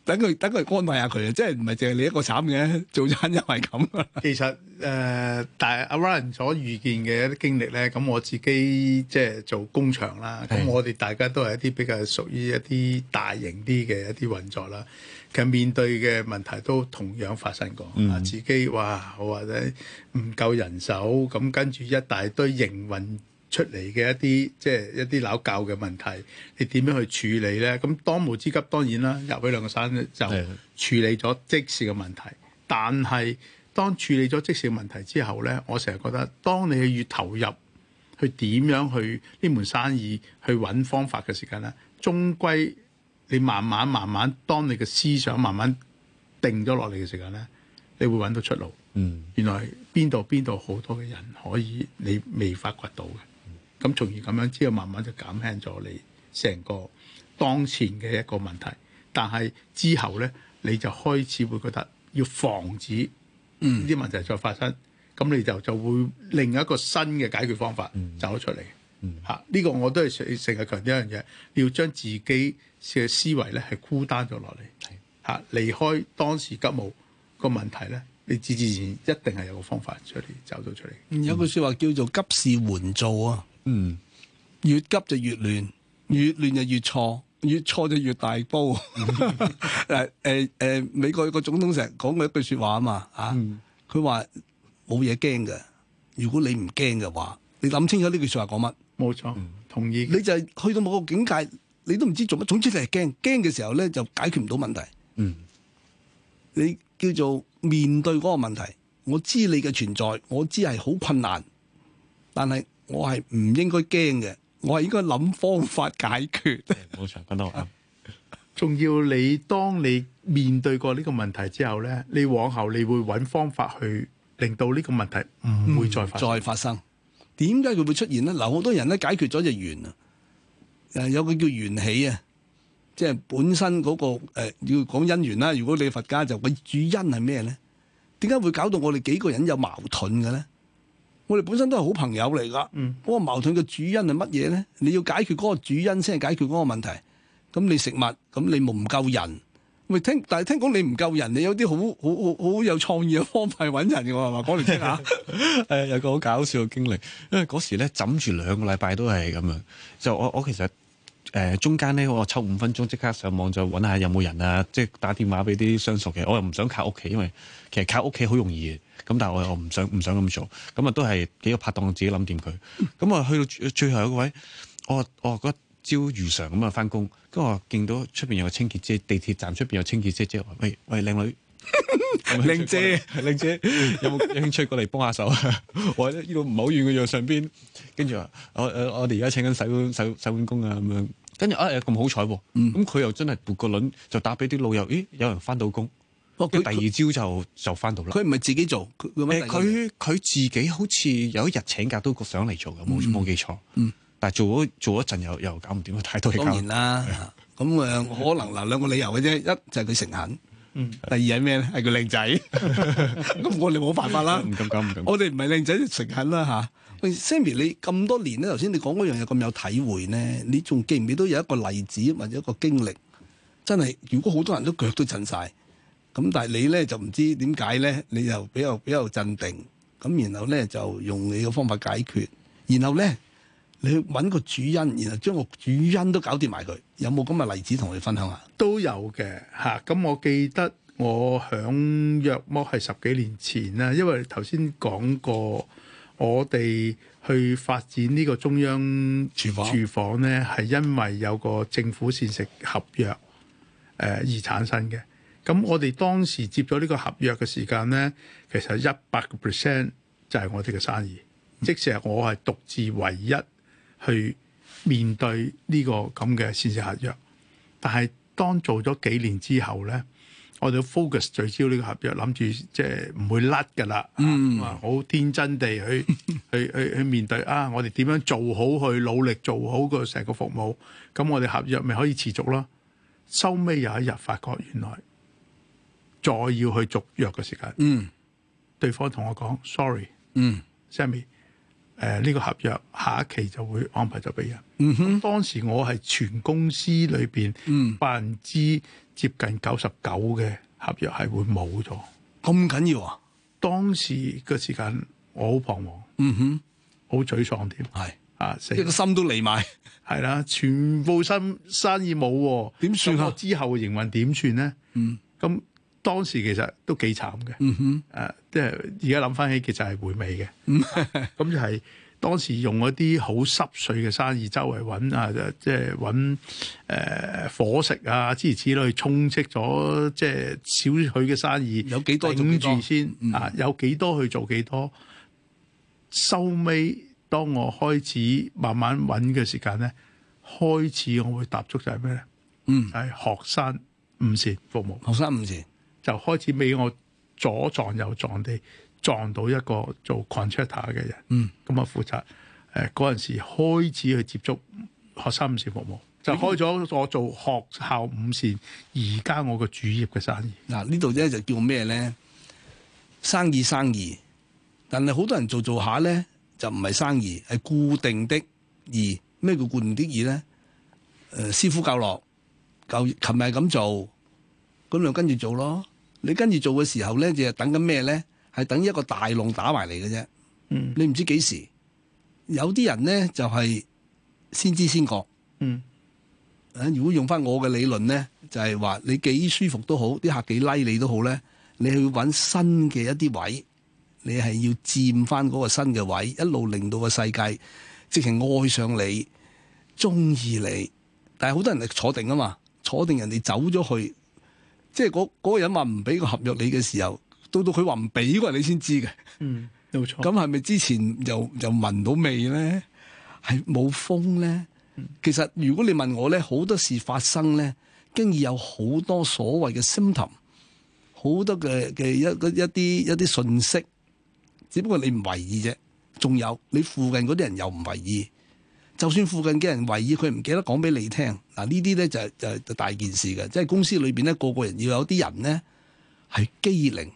等佢等佢安慰下佢啊！即係唔係淨係你一個慘嘅，做親因係咁。其實誒，大、呃、Ryan 所遇見嘅一啲經歷咧，咁我自己即係做工場啦。咁我哋大家都係一啲比較屬於一啲大型啲嘅一啲運作啦。其實面對嘅問題都同樣發生過，啊、嗯、自己話我或者唔夠人手，咁跟住一大堆營運出嚟嘅一啲即係一啲老舊嘅問題，你點樣去處理咧？咁當務之急當然啦，入去兩個省咧就處理咗即時嘅問題。的但係當處理咗即時嘅問題之後咧，我成日覺得，當你越投入去點樣去呢門生意去揾方法嘅時間咧，終歸。你慢慢慢慢，當你嘅思想慢慢定咗落嚟嘅時間咧，你會揾到出路。嗯、原來邊度邊度好多嘅人可以你未發掘到嘅。咁從、嗯、而咁樣之後慢慢就減輕咗你成個當前嘅一個問題。但係之後咧，你就開始會覺得要防止呢啲問題再發生。咁、嗯、你就就會另一個新嘅解決方法走出嚟。嗯嗯嗯，嚇呢個我都係成日強調一樣嘢，你要將自己嘅思維咧係孤單咗落嚟，嚇離是開當時急務個問題咧，你自自然一定係有個方法出嚟找到出嚟。有句説話叫做急事緩做啊，嗯，越、嗯、急就越亂，越亂就越錯，越錯就越大煲。誒誒誒，美國有個總統成日講過一句説話啊嘛，啊，佢話冇嘢驚㗎，如果你唔驚嘅話，你諗清楚呢句説話講乜？冇錯，嗯、同意。你就去到某個境界，你都唔知做乜。總之你係驚，驚嘅時候咧就解決唔到問題。嗯，你叫做面對嗰個問題，我知你嘅存在，我知係好困難，但係我係唔應該驚嘅，我係應該諗方法解決。冇 錯，嗯，講得好啱。仲要你當你面對過呢個問題之後咧，你往後你會揾方法去令到呢個問題唔會再再發生。點解佢會出現咧？嗱，好多人咧，解決咗就完啊，誒、呃，有個叫緣起啊，即係本身嗰、那個、呃、要講姻緣啦。如果你係佛家，就個主因係咩咧？點解會搞到我哋幾個人有矛盾嘅咧？我哋本身都係好朋友嚟噶，嗰、嗯、個矛盾嘅主因係乜嘢咧？你要解決嗰個主因先係解決嗰個問題。咁你食物，咁你冇唔夠人。咪聽，但係聽講你唔夠人，你有啲好好好好有創意嘅方法揾人嘅喎，係嘛？講嚟聽下。誒， 有個好搞笑嘅經歷，因為嗰時咧枕住兩個禮拜都係咁樣，就我我其實誒、呃、中間咧，我抽五分鐘即刻上網就揾下有冇人啊，即係打電話俾啲相熟嘅，我又唔想靠屋企，因為其實靠屋企好容易，咁但係我又唔想唔想咁做，咁啊都係幾個拍檔自己諗掂佢，咁啊去到最後一個位，我我朝如常咁啊翻工，跟住我見到出邊有個清潔姐，地鐵站出邊有清潔姐姐話：喂喂，靚女，靚姐靚姐，有冇興趣過嚟姐 幫下手？我呢呢度唔好遠嘅喎，上邊跟住話我我哋而家請緊洗碗洗洗，洗碗工啊咁樣，跟住啊又咁好彩喎，咁、哎、佢、嗯、又真係撥個輪就打俾啲老友，咦有人翻到工，跟住、啊、她第二朝就就翻到啦。佢唔係自己做，佢佢、欸、自己好似有一日請假都個上嚟做嘅，冇冇記錯。嗯嗯。但係做咗做咗陣，又又搞唔掂，太多嘢。當然啦，咁誒、啊嗯、可能嗱兩個理由嘅啫，一就係佢誠懇，嗯、第二係咩咧？係佢靚仔，咁 我哋冇辦法啦。唔敢搞，唔敢。我哋唔係靚仔，就誠懇啦嚇。喂、啊、Sammy，你咁多年咧，頭先你講嗰樣嘢咁有體會咧，你仲記唔記得都有一個例子或者一個經歷？真係，如果好多人都腳都震晒，咁但係你咧就唔知點解咧，你又比較比較鎮定，咁然後咧就用你嘅方法解決，然後咧。你揾個主因，然後將個主因都搞掂埋佢，有冇咁嘅例子同你分享啊？都有嘅，嚇！咁我記得我響約莫係十幾年前啦，因為頭先講過我哋去發展呢個中央廚房廚房呢係因為有個政府膳食合約誒、呃、而產生嘅。咁我哋當時接咗呢個合約嘅時間呢，其實一百個 percent 就係、是、我哋嘅生意，嗯、即使係我係獨自唯一。去面對呢個咁嘅膳食合約，但係當做咗幾年之後呢，我哋 focus 聚焦呢個合約，諗住即係唔會甩㗎喇，嗯、mm. 啊，好天真地去 去去去面對啊！我哋點樣做好去努力做好個成個服務，咁我哋合約咪可以持續咯。收尾有一日發覺，原來再要去續約嘅時間，嗯，mm. 對方同我講 sorry，嗯，Sammy。誒呢、呃這個合約下一期就會安排咗俾人。嗯哼，當時我係全公司裏邊，嗯，百分之接近九十九嘅合約係會冇咗。咁緊要啊！當時嘅時間我好彷徨，嗯哼，好沮喪添。係是啊，一個心都離埋，係 啦、啊，全部生生意冇喎，點算啊？啊算之後營運點算咧？嗯，咁、嗯。當時其實都幾慘嘅，誒、mm hmm. 啊，即係而家諗翻起其實係回味嘅。咁、嗯 啊嗯、就係、是、當時用嗰啲好濕碎嘅生意周圍揾啊，即係揾誒伙食啊之如此類充，去充斥咗即係少許嘅生意。有幾多做幾多？頂住先啊！有幾多去做幾多？收、嗯、尾、啊，當我開始慢慢揾嘅時間咧，開始我會踏足呢、mm. 就係咩咧？嗯，係學生午膳服務。學生午膳。就開始俾我左撞右撞地撞到一個做 contractor 嘅人，咁啊、嗯、負責誒嗰陣時開始去接觸學生午膳服務，就開咗我做學校午膳，而家我個主業嘅生意。嗱呢度咧就叫咩咧？生意生意，但係好多人做做下咧就唔係生意，係固定的業。咩叫固定的業咧？誒、呃、師傅教落，教琴日咁做，咁就跟住做咯。你跟住做嘅時候咧，就是、等緊咩咧？係等一個大浪打埋嚟嘅啫。嗯，你唔知幾時。有啲人咧就係、是、先知先覺。嗯。誒，如果用翻我嘅理論咧，就係、是、話你幾舒服都好，啲客幾拉、like、你都好咧，你去揾新嘅一啲位，你係要佔翻嗰個新嘅位，一路令到個世界直情愛上你、中意你。但係好多人係坐定啊嘛，坐定人哋走咗去。即係嗰嗰個人話唔俾個合約你嘅時候，到到佢話唔俾嗰陣你先知嘅。 嗯，冇錯。咁係咪之前又又聞到味咧？係冇風咧？嗯、其實如果你問我咧，好多事發生咧，經已有好多所謂嘅 symptom 好多嘅嘅一一啲一啲信息，只不過你唔為意啫。仲有你附近嗰啲人又唔為意。就算附近嘅人懷疑佢唔記得講俾你聽，嗱呢啲咧就就大件事嘅，即係公司裏邊咧個個人要有啲人咧係機靈。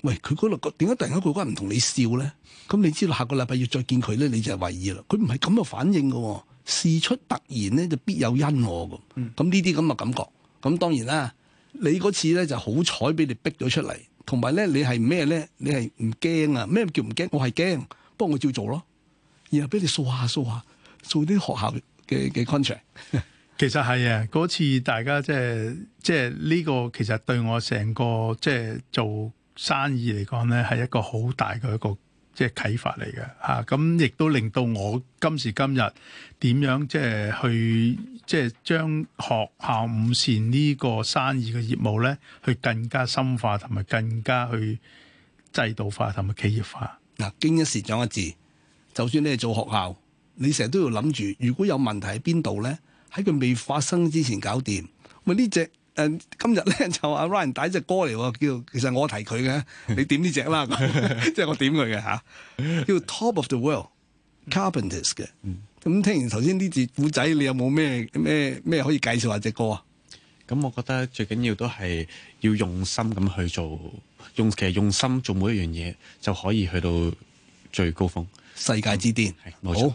喂，佢嗰度點解突然間佢話唔同你笑咧？咁你知道下個禮拜要再見佢咧，你就懷疑啦。佢唔係咁嘅反應嘅，事出突然咧就必有因喎。咁咁呢啲咁嘅感覺，咁當然啦。你嗰次咧就好彩俾你逼咗出嚟，同埋咧你係咩咧？你係唔驚啊？咩叫唔驚？我係驚，幫我照做咯。然後俾你掃下掃下。掃做啲學校嘅嘅 contract，其實係啊，嗰次大家即係即係呢個其實對我成個即係做生意嚟講咧，係一個好大嘅一個即係啟發嚟嘅嚇。咁、啊、亦都令到我今時今日點樣即係去即係將學校午膳呢個生意嘅業務咧，去更加深化同埋更加去制度化同埋企業化。嗱、啊，經一事長一智，就算你係做學校。你成日都要諗住，如果有問題喺邊度咧，喺佢未發生之前搞掂。咪、嗯呃、呢隻誒今日咧就阿 Ryan 帶隻歌嚟喎，叫其實我提佢嘅， 你點呢隻啦？ 即係我點佢嘅嚇，叫 Top of the World，Carpenters 嘅。咁、嗯、聽完頭先呢節古仔，你有冇咩咩咩可以介紹下隻歌啊？咁我覺得最緊要都係要用心咁去做，用其實用心做每一樣嘢就可以去到最高峰，世界之巔。好。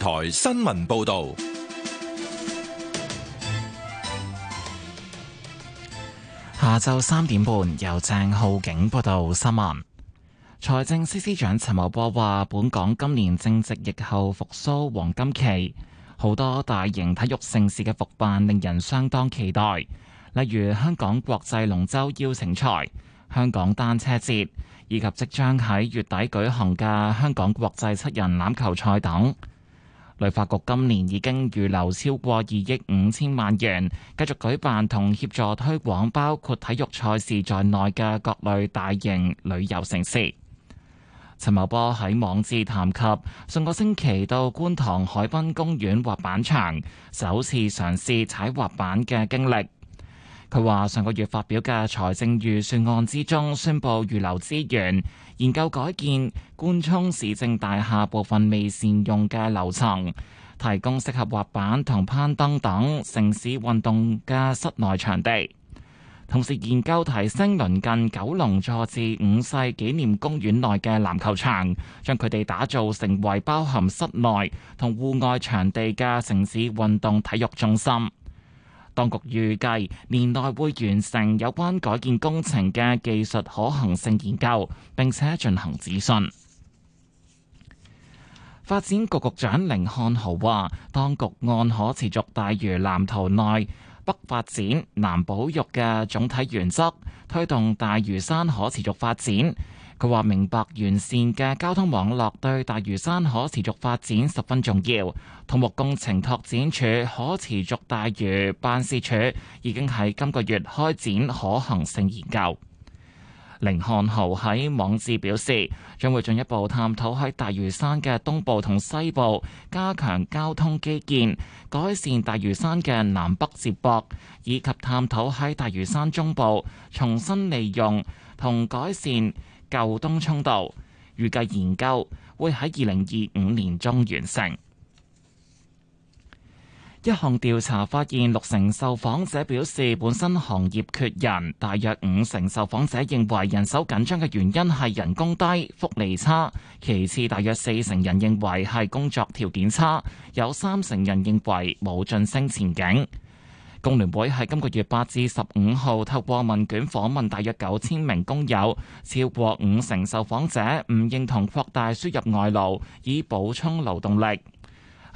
台新聞報道，下晝三點半由鄭浩景報道新聞。財政司司長陳茂波話，本港今年正值疫後復蘇黃金期，好多大型體育盛事嘅復辦令人相當期待，例如香港國際龍舟邀請賽、香港單車節，以及即將喺月底舉行嘅香港國際七人欖球賽等。旅發局今年已經預留超過二億五千萬元，繼續舉辦同協助推廣包括體育賽事在內嘅各類大型旅遊城市。陳茂波喺網誌談及上個星期到觀塘海濱公園滑板場首次嘗試踩滑板嘅經歷。佢話：上個月發表嘅財政預算案之中，宣布預留資源，研究改建官涌市政大廈部分未善用嘅樓層，提供適合滑板同攀登等城市運動嘅室內場地；同時研究提升鄰近九龍佐治五世紀念公園內嘅籃球場，將佢哋打造成為包含室內同戶外場地嘅城市運動體育中心。當局預計年內會完成有關改建工程嘅技術可行性研究，並且進行諮詢。發展局局長凌漢豪話：當局按可持續大嶼藍圖內北發展、南保育嘅總體原則，推動大嶼山可持續發展。佢話：明白完善嘅交通網絡對大嶼山可持續發展十分重要。土木工程拓展署可持續大嶼辦事處已經喺今個月開展可行性研究。凌漢豪喺網誌表示，將會進一步探討喺大嶼山嘅東部同西部加強交通基建，改善大嶼山嘅南北接駁，以及探討喺大嶼山中部重新利用同改善，舊東涌道預計研究會喺二零二五年中完成。一項調查發現，六成受訪者表示本身行業缺人，大約五成受訪者認為人手緊張嘅原因係人工低、福利差。其次，大約四成人認為係工作條件差，有三成人認為冇晉升前景。工聯會喺今個月八至十五號透過問卷訪問大約九千名工友，超過五成受訪者唔認同擴大輸入外勞以補充勞動力。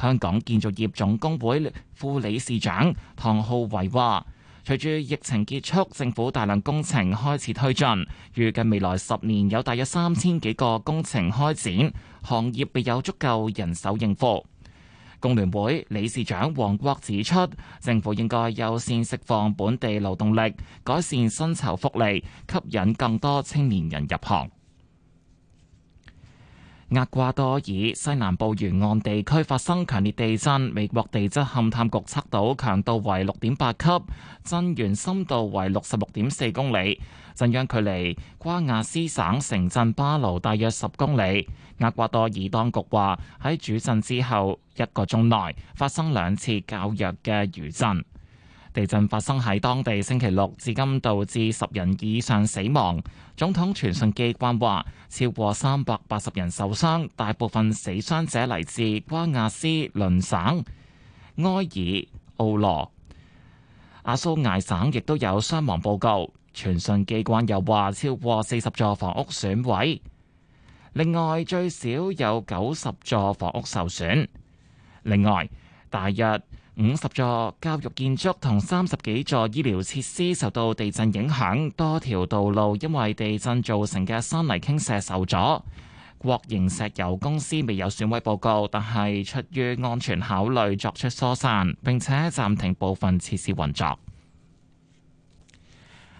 香港建造業總工會副理事長唐浩維話，隨住疫情結束，政府大量工程開始推進，預計未來十年有大約三千幾個工程開展，行業未有足夠人手應付。工聯會理事長黃國指出，政府應該優先釋放本地勞動力，改善薪酬福利，吸引更多青年人入行。厄瓜多爾西南部沿岸地區發生強烈地震，美國地質勘探局測到強度為六點八級，震源深度為六十六點四公里，震央距離瓜亞斯省城鎮巴勞大約十公里。厄瓜多爾當局話喺主震之後一個鐘內發生兩次較弱嘅餘震。地震發生喺當地星期六，至今導致十人以上死亡。總統傳訊機關話，超過三百八十人受傷，大部分死傷者嚟自瓜亞斯鄰省埃爾奧羅、阿蘇艾省，亦都有傷亡報告。傳訊機關又話，超過四十座房屋損毀，另外最少有九十座房屋受損。另外，大約五十座教育建築同三十幾座醫療設施受到地震影響，多條道路因為地震造成嘅山泥傾瀉受阻。國營石油公司未有損毀報告，但係出於安全考慮作出疏散，並且暫停部分設施運作。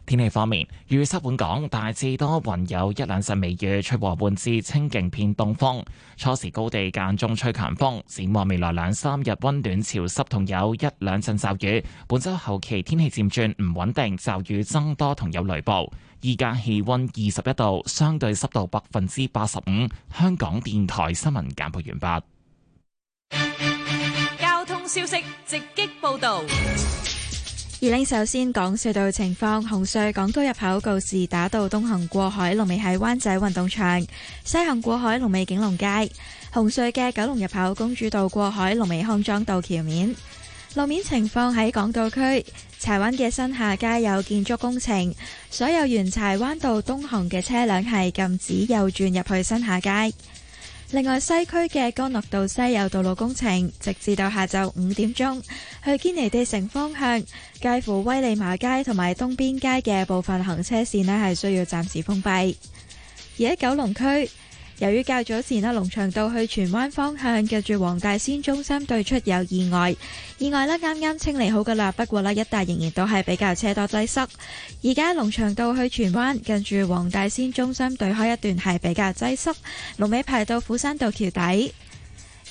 天氣方面，預測本港大致多雲，有一兩陣微雨，吹和緩至清勁偏東風。初時高地間中吹強風。展望未來兩三日温暖潮濕，同有一兩陣驟雨。本周後期天氣漸轉唔穩定，驟雨增多同有雷暴。依家氣温二十一度，相對濕度百分之八十五。香港電台新聞簡報完畢。交通消息直擊報道。二零首先講隧道情況，紅隧港島入口告士打道東行過海，龍尾喺灣仔運動場；西行過海，龍尾景隆街。紅隧嘅九龍入口公主道過海，龍尾康莊道橋面。路面情況喺港島區柴灣嘅新下街有建築工程，所有沿柴灣道東行嘅車輛係禁止右轉入去新下街。另外，西區嘅干諾道西有道路工程，直至到下晝五點鐘，去堅尼地城方向，介乎威利馬街同埋東邊街嘅部分行車線咧係需要暫時封閉。而喺九龍區。由於較早前咧，龍翔道去荃灣方向，近住黃大仙中心對出有意外，意外呢，啱啱清理好㗎喇。不過呢，一帶仍然都係比較車多擠塞。而家龍翔道去荃灣，近住黃大仙中心對開一段係比較擠塞，龍尾排到斧山道橋底。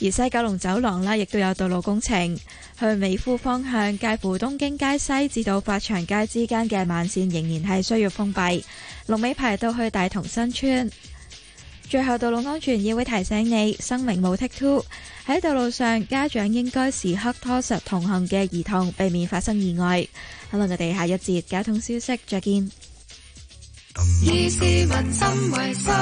而西九龍走廊呢亦都有道路工程去美孚方向，介乎東京街西至到發祥街之間嘅慢線仍然係需要封閉，龍尾排到去大同新村。最後，道路安全要會提醒你：生命冇 Take 2喺道路上，家長應該時刻拖實同行嘅兒童，避免發生意外。好啦，我哋下一節交通消息再見。以市民心為心，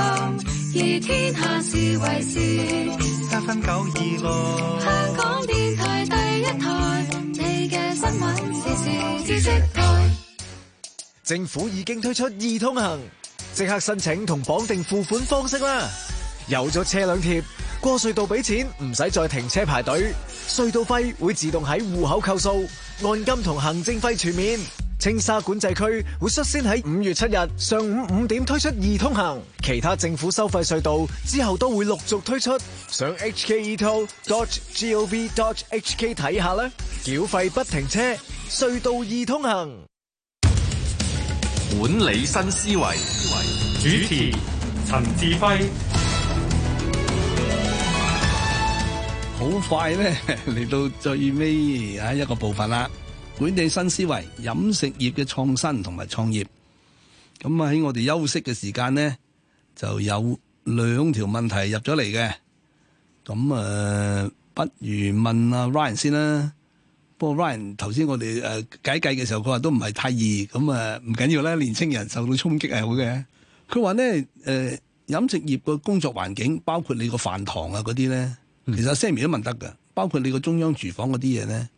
以天下事為事。加分九二六，香港電台第一台，你嘅新聞時事知識台。政府已經推出易通行。即刻申請同綁定付款方式啦！有咗車輛貼，過隧道俾錢唔使再停車排隊，隧道費會自動喺戶口扣數，按金同行政費全免。青沙管制區會率先喺五月七日上午五點推出易通行，其他政府收費隧道之後都會陸續推出。上 hketoll.gov.hk 睇下啦，繳費不停車，隧道易通行。管理新思維，主持陳志輝，好快咧，嚟到最尾啊，一個部分啦！管理新思維，飲食業嘅創新同埋創業。咁喺我哋休息嘅時間呢，就有兩條問題入咗嚟嘅。咁啊、呃，不如問阿、啊、Ryan 先啦。不過 Ryan 頭先我哋誒解計嘅時候，佢話都唔係太易。咁啊唔緊要咧。年青人受到衝擊係好嘅。佢話咧誒飲食業嘅工作環境，包括你個飯堂啊嗰啲咧，其實 Sammy 都問得㗎。包括你個中央廚房嗰啲嘢咧，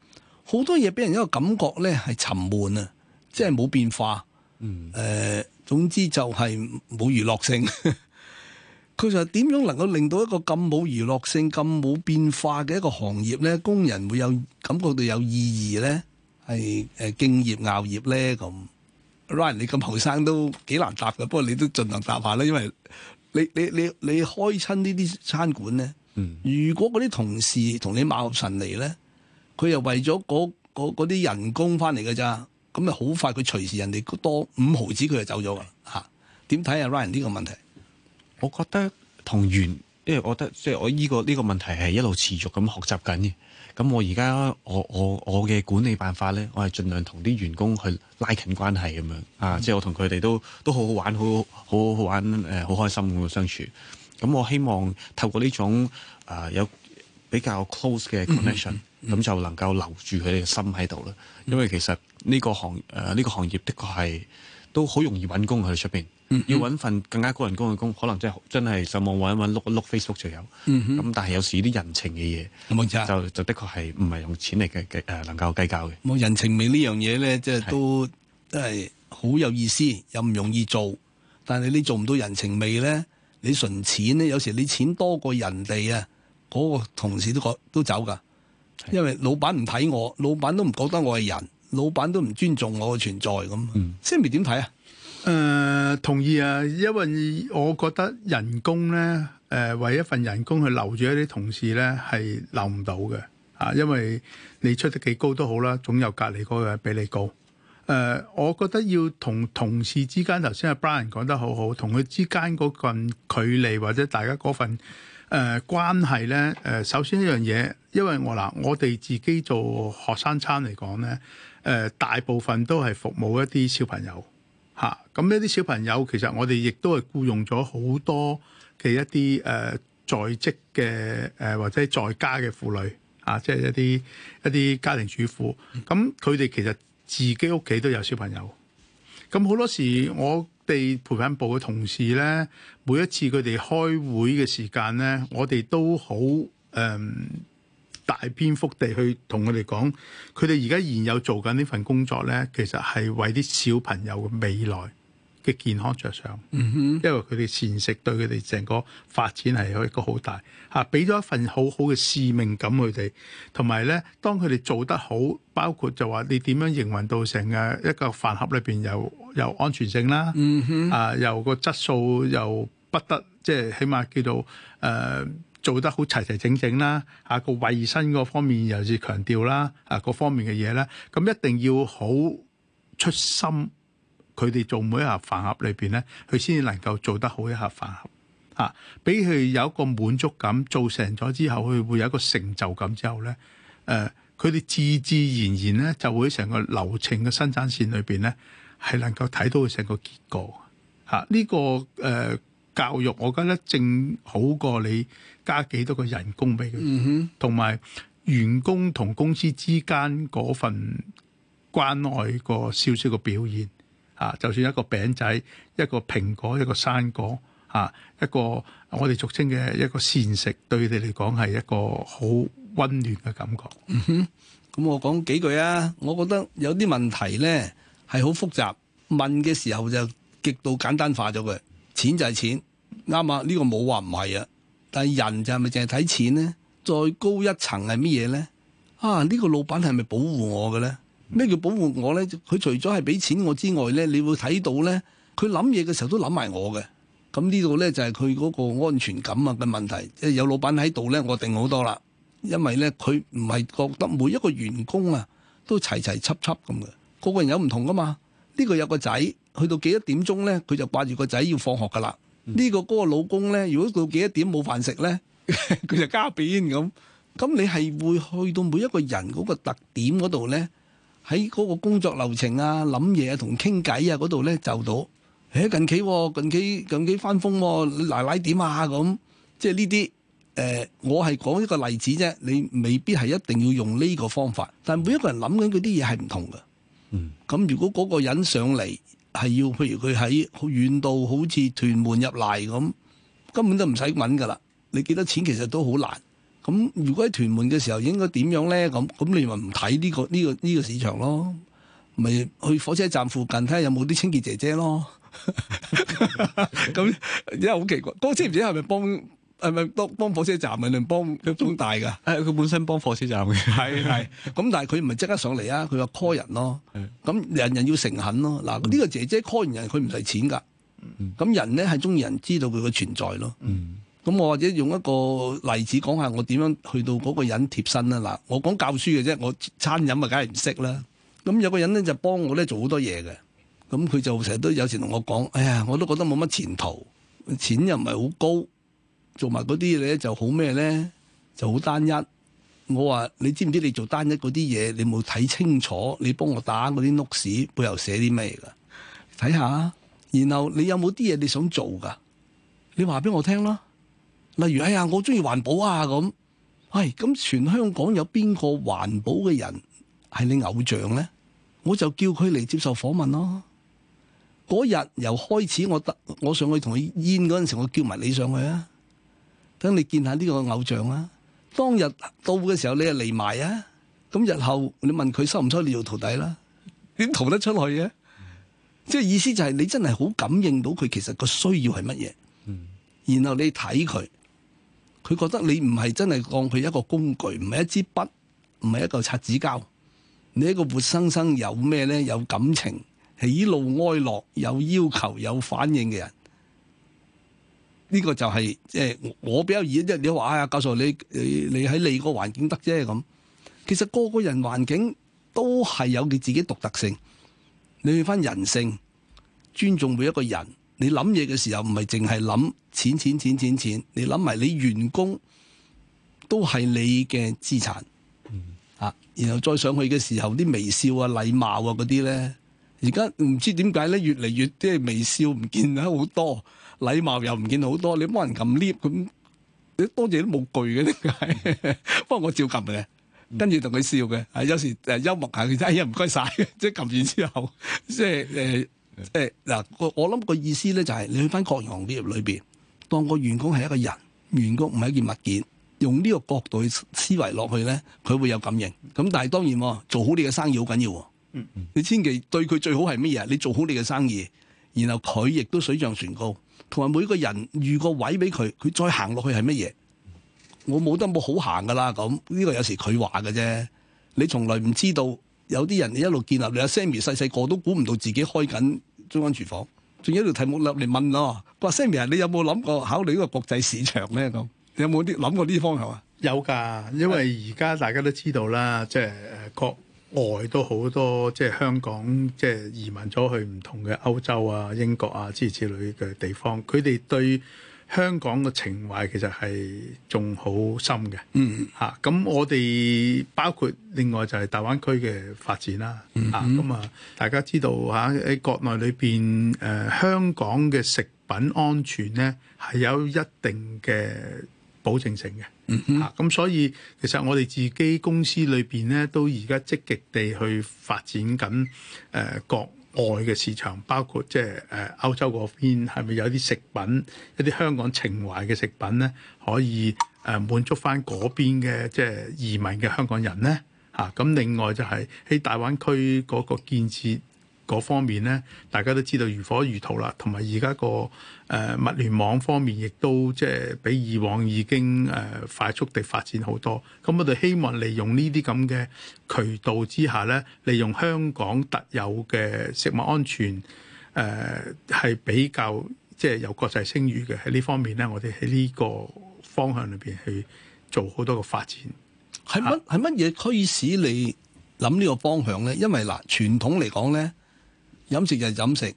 好多嘢俾人一個感覺咧係沉悶啊，即係冇變化。誒、嗯呃、總之就係冇娛樂性。 佢就點樣能夠令到一個咁冇娛樂性、咁冇變化嘅一個行業咧，工人會有感覺到有意義咧？係誒敬業熬業咧咁。Ryan，你咁後生都幾難答嘅，不過你都盡量答下啦，因為你你你你，你開親呢啲餐館咧，嗯、如果嗰啲同事同你貌合神離咧，佢又為咗嗰啲人工翻嚟㗎咋，咁啊好快佢隨時人哋多五毫子佢就走咗㗎嚇。點、啊、睇啊，Ryan 呢個問題？我覺得同員，因為我覺得即係我呢、呢個呢、呢個問題係一路持續咁學習緊嘅。咁我而家我我我嘅管理辦法咧，我係盡量同啲員工去拉近關係咁樣啊，即係我同佢哋都都好好玩，好好好玩誒，好、呃、開心咁樣相處。咁我希望透過呢種啊、呃、有比較 close 嘅 connection，咁、mm hmm, mm hmm, 就能夠留住佢哋嘅心喺度啦。因為其實呢個行誒呢、呃呢個行業的確係都好容易揾工喺出邊。要揾份更加高人工嘅工，嗯、哼可能真真係上網揾一揾碌一碌 Facebook 就有。咁、嗯、哼但係有時啲人情嘅嘢，有有就就的確係唔係用錢嚟計，誒，能夠計較嘅。冇人情味呢樣嘢咧，即係都都係好有意思，是又唔容易做。但係你做唔到人情味咧，你純錢咧，有時你錢多過人哋啊，嗰、那個同事都覺都走㗎。是因為老闆唔睇我，老闆都唔覺得我係人，老闆都唔尊重我嘅存在咁。Sammy 點睇啊？嗯誒、呃、同意啊，因為我覺得人工咧，誒、呃、為一份人工去留住一啲同事咧，係留唔到嘅嚇，因為你出得幾高都好啦，總有隔離嗰個比你高。誒、呃，我覺得要同同事之間，頭先阿 Brian 講得好好，同佢之間嗰份距離或者大家嗰份誒、呃、關係咧，誒、呃、首先一樣嘢，因為我嗱、呃，我哋自己做學生餐嚟講咧，誒、呃、大部分都係服務一啲小朋友。嚇！咁呢啲小朋友其實我哋亦都係僱用咗好多嘅一啲誒、呃、在職嘅誒或者在家嘅婦女，嚇、啊！即係一啲一啲家庭主婦。咁佢哋其實自己屋企都有小朋友。咁好多時我哋培訓部嘅同事咧，每一次佢哋開會嘅時間咧，我哋都好誒。嗯大篇幅地去同佢哋講，佢哋而家現有做緊呢份工作咧，其實係為啲小朋友嘅未來嘅健康着想。Mm hmm. 因為佢哋膳食對佢哋成個發展係有一個好大嚇，啊、俾咗一份好好嘅使命感佢哋。同埋咧，當佢哋做得好，包括就話你點樣營運到成嘅一個飯盒裏邊又有安全性啦，mm hmm. 啊又個質素又不得即係、就是、起碼叫做誒。呃做得好齊齊整整啦，嚇個衞生個方面又係強調啦，啊，啊各方面嘅嘢咧，咁、啊、一定要好出心，佢哋做每一盒飯盒裏邊咧，佢先至能夠做得好一盒飯盒嚇，俾、啊、佢有一個滿足感，做成咗之後佢會有一個成就感之後咧，誒佢哋自自然然咧就會喺成個流程嘅生產線裏邊咧係能夠睇到佢成個結果嚇呢個誒。呃教育我覺得正好過你加幾多個人工俾佢，同埋、嗯、哼員工同公司之間嗰份關愛個少少個表現啊！就算一個餅仔、一個蘋果、一個生果嚇、啊，一個我哋俗稱嘅一個膳食，對你嚟講係一個好溫暖嘅感覺。咁、嗯嗯嗯、我講幾句啊！我覺得有啲問題呢係好複雜，問嘅時候就極度簡單化咗佢。錢就係錢，啱啊！呢個冇話唔係啊，但係人就係咪淨係睇錢咧？再高一層係乜嘢咧？啊！呢個老闆係咪保護我嘅咧？咩叫保護我咧？佢除咗係俾錢我之外咧，你會睇到咧，佢諗嘢嘅時候都諗埋我嘅。咁呢度咧就係佢嗰個安全感啊嘅問題。即係有老闆喺度咧，我定好多啦。因為咧，佢唔係覺得每一個員工啊都齊齊輯輯咁嘅，個個人有唔同㗎嘛。呢個有個仔，去到幾多點鐘咧，佢就掛住個仔要放學噶啦。呢、嗯、個嗰個老公咧，如果到幾多點冇飯食咧，佢 就加班咁。咁你係會去到每一個人嗰個特點嗰度咧，喺嗰個工作流程啊、諗嘢啊、同傾偈啊嗰度咧就到。誒、欸、近期、啊、近期近期翻風、啊，你奶奶點啊咁？即係呢啲誒，我係講一個例子啫，你未必係一定要用呢個方法。但係每一個人諗緊嗰啲嘢係唔同嘅。咁、嗯、如果嗰個人上嚟係要，譬如佢喺遠度，好似屯門入嚟咁，根本都唔使揾噶啦。你幾多錢其實都好難。咁如果喺屯門嘅時候應該點樣咧？咁咁你咪唔睇呢個呢、呢個呢、呢個市場咯，咪去火車站附近睇下有冇啲清潔姐姐咯。咁真係好奇怪，嗰個唔知姐係咪幫？係咪幫幫火車站嘅定幫中大噶？誒、哎，佢本身幫火車站嘅，係 係。咁但係佢唔係即刻上嚟啊，佢話 call 人咯。咁是人人要誠懇咯。嗱，呢、這個姐姐 call 完人，佢唔使錢噶。咁、嗯、人咧係中意人知道佢嘅存在咯。咁、嗯、我或者用一個例子講下，我點樣去到嗰個人貼身啦？嗱，我講教書嘅啫，我餐飲啊梗係唔識啦。咁有個人咧就幫我咧做好多嘢嘅。咁佢就成日都有時同我講，哎呀，我都覺得冇乜前途，錢又唔係好高。做埋嗰啲嘢咧就好咩，咧就好單一。我話你知唔知你做單一嗰啲嘢，你冇睇清楚。你幫我打嗰啲 notebook 背後寫啲咩㗎？睇下。然後你有冇啲嘢你想做㗎？你話俾我聽咯。例如哎呀，我中意環保啊咁。係咁，哎、全香港有邊個環保嘅人係你偶像咧？我就叫佢嚟接受訪問咯。嗰日由開始我得我上去同佢煙嗰陣時，我叫埋你上去啊。等你見下呢個偶像啦。當日到嘅時候，你就嚟埋啊。咁日後你問佢收唔收你做徒弟啦、啊？點逃得出去嘅、啊？即係意思就係你真係好感應到佢，其實個需要係乜嘢。然後你睇佢，佢覺得你唔係真係當佢一個工具，唔係一支筆，唔係一嚿擦紙膠。你一個活生生有咩咧？有感情，喜怒哀樂，有要求，有反應嘅人。呢個就係即係我比較易，嘅，即係你話啊，教授你你你喺你個環境得啫咁。其實個個人環境都係有佢自己獨特性。你去翻人性，尊重每一個人。你諗嘢嘅時候唔係淨係諗錢錢錢錢錢，你諗埋你員工都係你嘅資產。嗯、啊，然後再上去嘅時候，啲微笑啊、禮貌啊嗰啲咧，而家唔知點解咧，越嚟越即係微笑唔見得好多。禮貌又唔見好多，你幫人撳 lift 咁，多謝都冇句嘅，點解？Mm hmm. 不過我照撳嘅，跟住同佢笑嘅、啊，有時誒幽默下佢真係唔該晒。呃，即係撳完之後，即係誒，即係嗱，我我諗個意思咧就係、是、你去翻各行業裏邊，當個員工係一個人，員工唔係一件物件，用呢個角度去思維落去咧，佢會有感應。咁但係當然做好你嘅生意好緊要，嗯、mm hmm. 你千祈對佢最好係乜嘢？你做好你嘅生意，然後佢亦都水漲船高。同埋每個人預個位俾佢，佢再行落去係乜嘢？我冇得冇好行噶啦。咁呢個有時佢話嘅啫。你從來唔知道有啲人你一路建立，你阿 Sammy 細細個都估唔到自己開緊中央廚房。仲有一條題目啦，嚟問咯。佢話 Sammy，你有冇諗過考慮呢個國際市場咧？咁你有冇啲諗過呢啲方向啊？有噶，因為而家大家都知道啦，即係，呃、國外都好多即係香港，即係移民咗去唔同嘅歐洲啊、英國啊之類嘅地方，佢哋對香港嘅情懷其實係仲好深嘅。嗯，嚇咁我哋包括另外就係大灣區嘅發展啦。嗯嗯，嚇咁啊，大家知道嚇喺國內裏邊誒香港嘅食品安全呢係有一定嘅保證性嘅。嗯哼，咁、mm hmm. 啊、所以其實我哋自己公司裏邊咧，都而家積極地去發展緊誒、呃、國外嘅市場，包括即係誒歐洲嗰邊，係咪有啲食品、一啲香港情懷嘅食品咧，可以誒、呃、滿足返嗰邊嘅即係移民嘅香港人咧？嚇、啊！咁另外就係、是、喺大灣區嗰個建設。嗰方面咧，大家都知道如火如荼啦。同埋而家個誒物聯網方面，亦都即係比以往已經誒快速地發展好多。咁我哋希望利用呢啲咁嘅渠道之下咧，利用香港特有嘅食物安全誒係、呃、比較即係有國際聲譽嘅，喺呢方面咧，我哋喺呢個方向裏邊去做好多個發展。係乜係乜嘢驅使你諗呢個方向咧？因為嗱，傳統嚟講咧。飲食就飲食，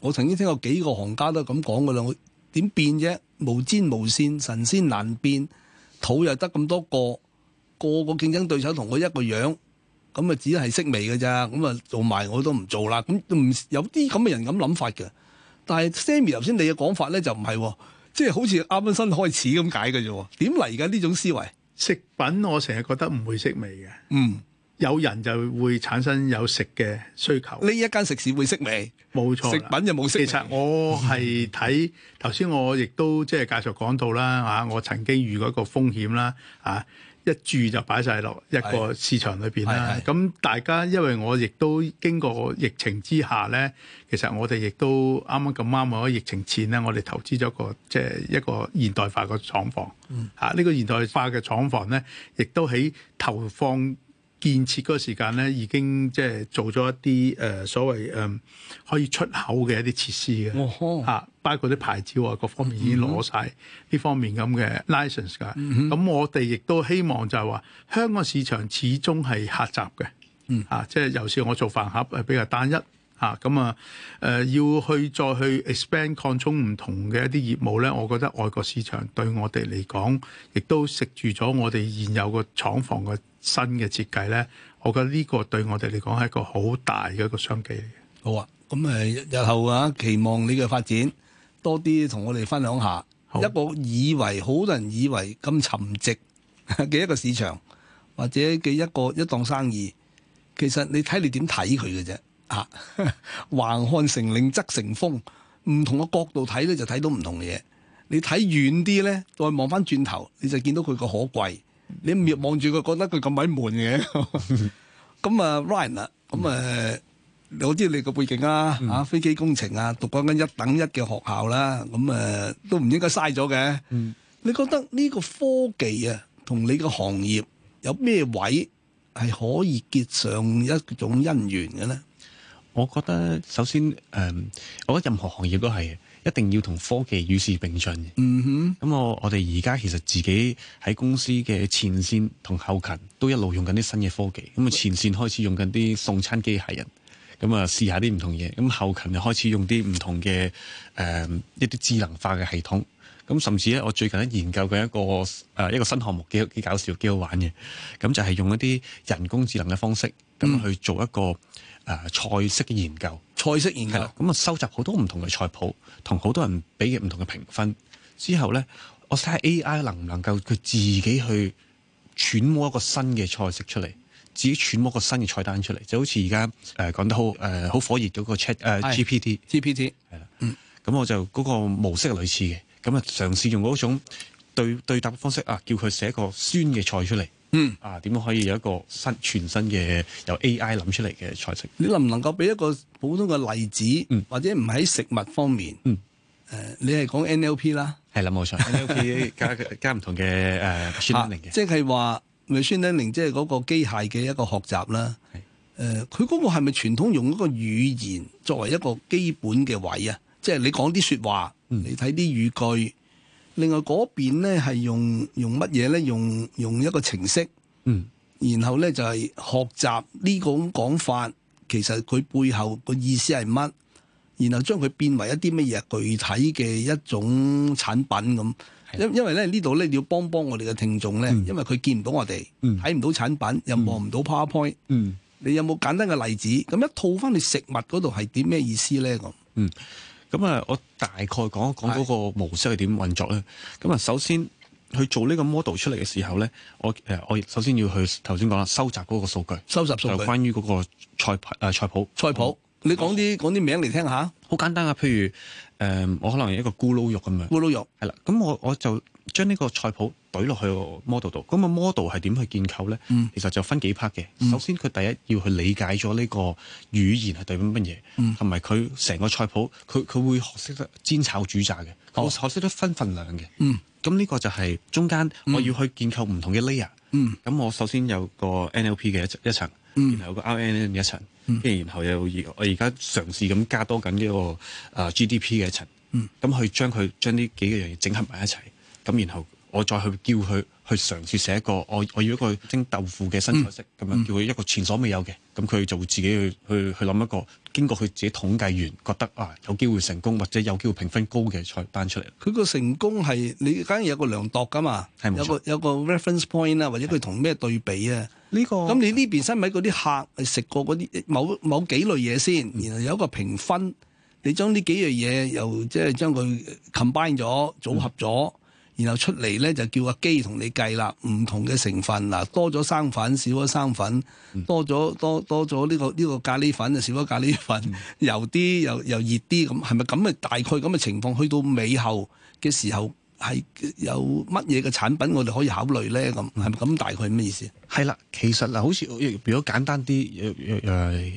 我曾經聽過幾個行家都咁講嘅啦。我點變啫？無尖無線，神仙難變。土又得咁多個，個個競爭對手同我一個樣，咁咪只係色味嘅咋？咁啊做埋我都唔做啦。咁唔有啲咁嘅人咁諗法嘅。但係 Sammy 頭先你嘅講法咧就唔係喎，即係好似啱啱新開始咁解嘅啫。點嚟嘅呢種思維？食品我成日覺得唔會色味嘅。嗯。有人就會產生有食嘅需求。呢一間食肆會息微，冇錯。食品就冇息微。其實我係睇頭先，嗯、我亦都即係介紹講到啦嚇，我曾經遇過一個風險啦嚇，一注就擺晒落一個市場裏邊啦。咁大家因為我亦都經過疫情之下咧，其實我哋亦都啱啱咁啱喺疫情前咧，我哋投資咗一個即係一個現代化嘅廠房。嗯呢、啊呢個現代化嘅廠房咧，亦都喺投放，建設嗰個時間咧，已經即係做咗一啲誒、呃、所謂誒、嗯、可以出口嘅一啲設施嘅嚇，哦、吼包括啲牌照各方面已經攞晒呢方面咁嘅 license 㗎、嗯哼。咁我哋亦都希望就係話，香港市場始終係狹窄嘅嚇，即係尤其我做飯盒比較單一嚇，咁啊誒、啊、要去再去 expand 擴充唔同嘅一啲業務咧，我覺得外國市場對我哋嚟講，亦都食住咗我哋現有個廠房嘅。新嘅設計咧，我覺得呢個對我哋嚟講係一個好大嘅一個商機嚟嘅。好啊，咁、嗯、誒日後啊，期望你嘅發展多啲同我哋分享下。好一個以為好多人以為咁沉寂嘅一個市場，或者嘅一個一檔生意，其實你睇你點睇佢嘅啫。啊，橫看成嶺側成峯，唔同嘅角度睇咧就睇到唔同嘢。你睇遠啲咧，再望返轉頭，你就見到佢個可貴。你望住佢，覺得佢咁鬼悶嘅。咁 啊，Ryan 啊，咁啊，你好、嗯、知你嘅背景啦、啊，嚇、嗯啊，飛機工程啊，讀緊一等一嘅學校啦、啊，咁啊，都唔應該嘥咗嘅。嗯、你覺得呢個科技啊，同你個行業有咩位係可以結上一種姻緣嘅咧？我覺得首先，誒、呃，我覺得任何行業都係。一定要同科技與時並進嘅。嗯哼。咁我我哋而家其實自己喺公司嘅前線同後勤都一路用緊啲新嘅科技。咁啊，前線開始用緊啲送餐機械人。咁啊，試下啲唔同嘢。咁後勤就開始用啲唔同嘅，誒、呃、一啲智能化嘅系統。咁甚至咧，我最近咧研究緊一個誒、呃、一個新項目，幾幾搞笑，幾好玩嘅。咁就係用一啲人工智能嘅方式咁去做一個。嗯誒菜式嘅研究，菜式研究，咁啊、嗯、收集好多唔同嘅菜譜，同好多人俾嘅唔同嘅評分之後咧，我睇下 A.I. 能唔能夠佢自己去揣摩一個新嘅菜式出嚟，自己揣摩個新嘅菜單出嚟，就好似而家誒講得好誒好火熱嗰個 Chat 誒 G.P.T. G.P.T. 係啦，咁我就嗰、嗰個模式類似嘅，咁啊嘗試用嗰種對,對,對答方式啊，叫佢寫個酸嘅菜出嚟。嗯，啊，點樣可以有一個新全新嘅由 AI 諗出嚟嘅菜式？你能唔能夠俾一個普通嘅例子？嗯、或者唔喺食物方面？嗯，誒、呃，你係講 NLP 啦，係啦，冇錯，NLP 加加唔同嘅誒，即係話咪 Machine learning 即係嗰個機械嘅一個學習啦。係、呃，誒，佢嗰個係咪傳統用一個語言作為一個基本嘅位啊？即係你講啲説話，嗯、你睇啲語句。另外嗰邊咧係用用乜嘢咧？用呢用，用一個程式，嗯，然後咧就係、是、學習呢個講法，其實佢背後個意思係乜？然後將佢變為一啲乜嘢具體嘅一種產品咁。因的因為咧呢度咧你要幫幫我哋嘅聽眾咧，嗯、因為佢見唔到我哋，睇唔、嗯、到產品，又望唔到 PowerPoint。嗯，你有冇簡單嘅例子？咁一套翻嚟食物嗰度係點咩意思咧？咁嗯。嗯咁啊，我大概講一講嗰個模式係點運作咧。咁啊，首先去做呢個 model 出嚟嘅時候咧，我誒我首先要去頭先講啦，收集嗰個數據，收集數據，就係關於嗰個菜誒菜譜菜譜。菜譜嗎你講啲講啲名嚟聽下，好、哦、簡單啊。譬如誒、呃，我可能一個咕嚕肉咁樣，咕嚕肉係啦。咁我我就將呢個菜譜。懟落去 model 度，咁啊 model 係點去建構咧？嗯、其實就分幾 part 嘅。嗯、首先，佢第一要去理解咗呢個語言係對乜嘢，同埋佢成個菜譜，佢佢會學識得煎炒煮炸嘅，學學識得分份量嘅。咁呢、嗯、個就係中間、嗯、我要去建構唔同嘅 layer、嗯。咁我首先有個 NLP 嘅一層，嗯、然後有個 RNN 一層，跟、嗯、然後又我而家嘗試咁加多緊呢個 GDP 嘅一層。咁、嗯、去將佢將呢幾個樣嘢整合埋一齊，咁然後。我再去叫佢去嘗試寫一個，我我要一個蒸豆腐嘅新菜式，咁、嗯、樣叫佢一個前所未有嘅，咁佢、嗯、就會自己去去去諗一個，經過佢自己統計完，覺得啊有機會成功或者有機會評分高嘅菜單出嚟。佢個成功係你梗係有個量度㗎嘛，有個有個 reference point 啊，或者佢同咩對比啊？呢個咁你呢邊係咪嗰啲客食過嗰啲某某幾類嘢先，然後有一個評分，你將呢幾樣嘢又即係將佢 combine 咗組合咗。嗯然後出嚟咧就叫阿機同你計啦，唔同嘅成分嗱，多咗生粉少咗生粉，多咗多多咗呢、這個呢、這個咖喱粉就少咗咖喱粉，油啲又又熱啲咁，係咪咁嘅大概咁嘅情況？去到尾後嘅時候係有乜嘢嘅產品我哋可以考慮咧？咁係咪咁大概係咩意思？係啦，其實啊，好似如果簡單啲，又、呃呃呃呃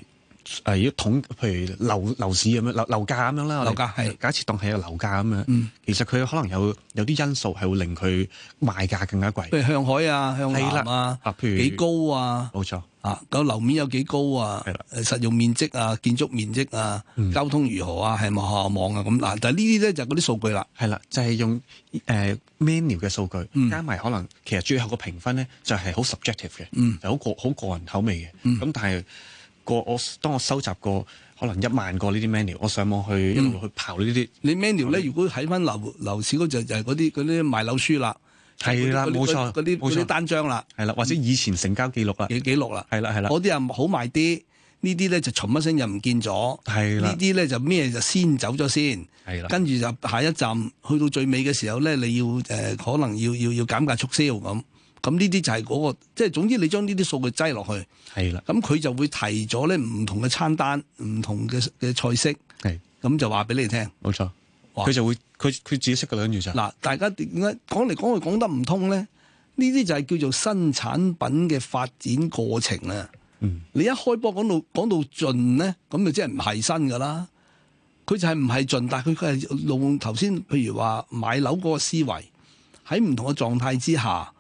係要統，譬如樓樓市咁樣，樓樓價咁樣啦。樓價係假設當係一個樓價咁樣，其實佢可能有有啲因素係會令佢賣價更加貴，譬如向海啊、向南啊，幾高啊，冇錯啊。咁樓面有幾高啊？係實用面積啊、建築面積啊、交通如何啊，係咪下網啊咁嗱。但係呢啲咧就嗰啲數據啦，係啦，就係用誒 menu 嘅數據，加埋可能其實最後個評分咧就係好 subjective 嘅，好個好個人口味嘅。咁但係。過我當我收集過可能一萬個呢啲 menu 我上網去一路去刨呢啲、嗯。你 menu 咧，如果喺翻樓樓市嗰陣，就係嗰啲嗰啲賣樓書啦，係啦了，冇錯，嗰啲嗰啲單張啦，係啦，或者以前成交記錄啦，記錄啦，係啦係啦，嗰啲又好賣啲，呢啲咧就嘈乜聲又唔見咗，係啦了，呢啲咧就咩就先走咗先，係啦了，跟住就下一站去到最尾嘅時候咧，你要誒、呃、可能要要要減價促銷咁。咁呢啲就係嗰個，即係總之你將呢啲數據擠落去係啦。咁佢的就會提咗咧唔同嘅餐單，唔同嘅嘅菜式係咁的就話俾你聽，冇錯佢哇就會佢佢自己識嘅兩樣咋嗱。大家點解講嚟講去講得唔通咧？呢啲就係叫做新產品嘅發展過程啦。嗯、你一開波講到講到盡咧，咁就即係唔係新噶啦？佢就係唔係盡，但係佢係用頭先譬如話買樓嗰個思維喺唔同嘅狀態之下。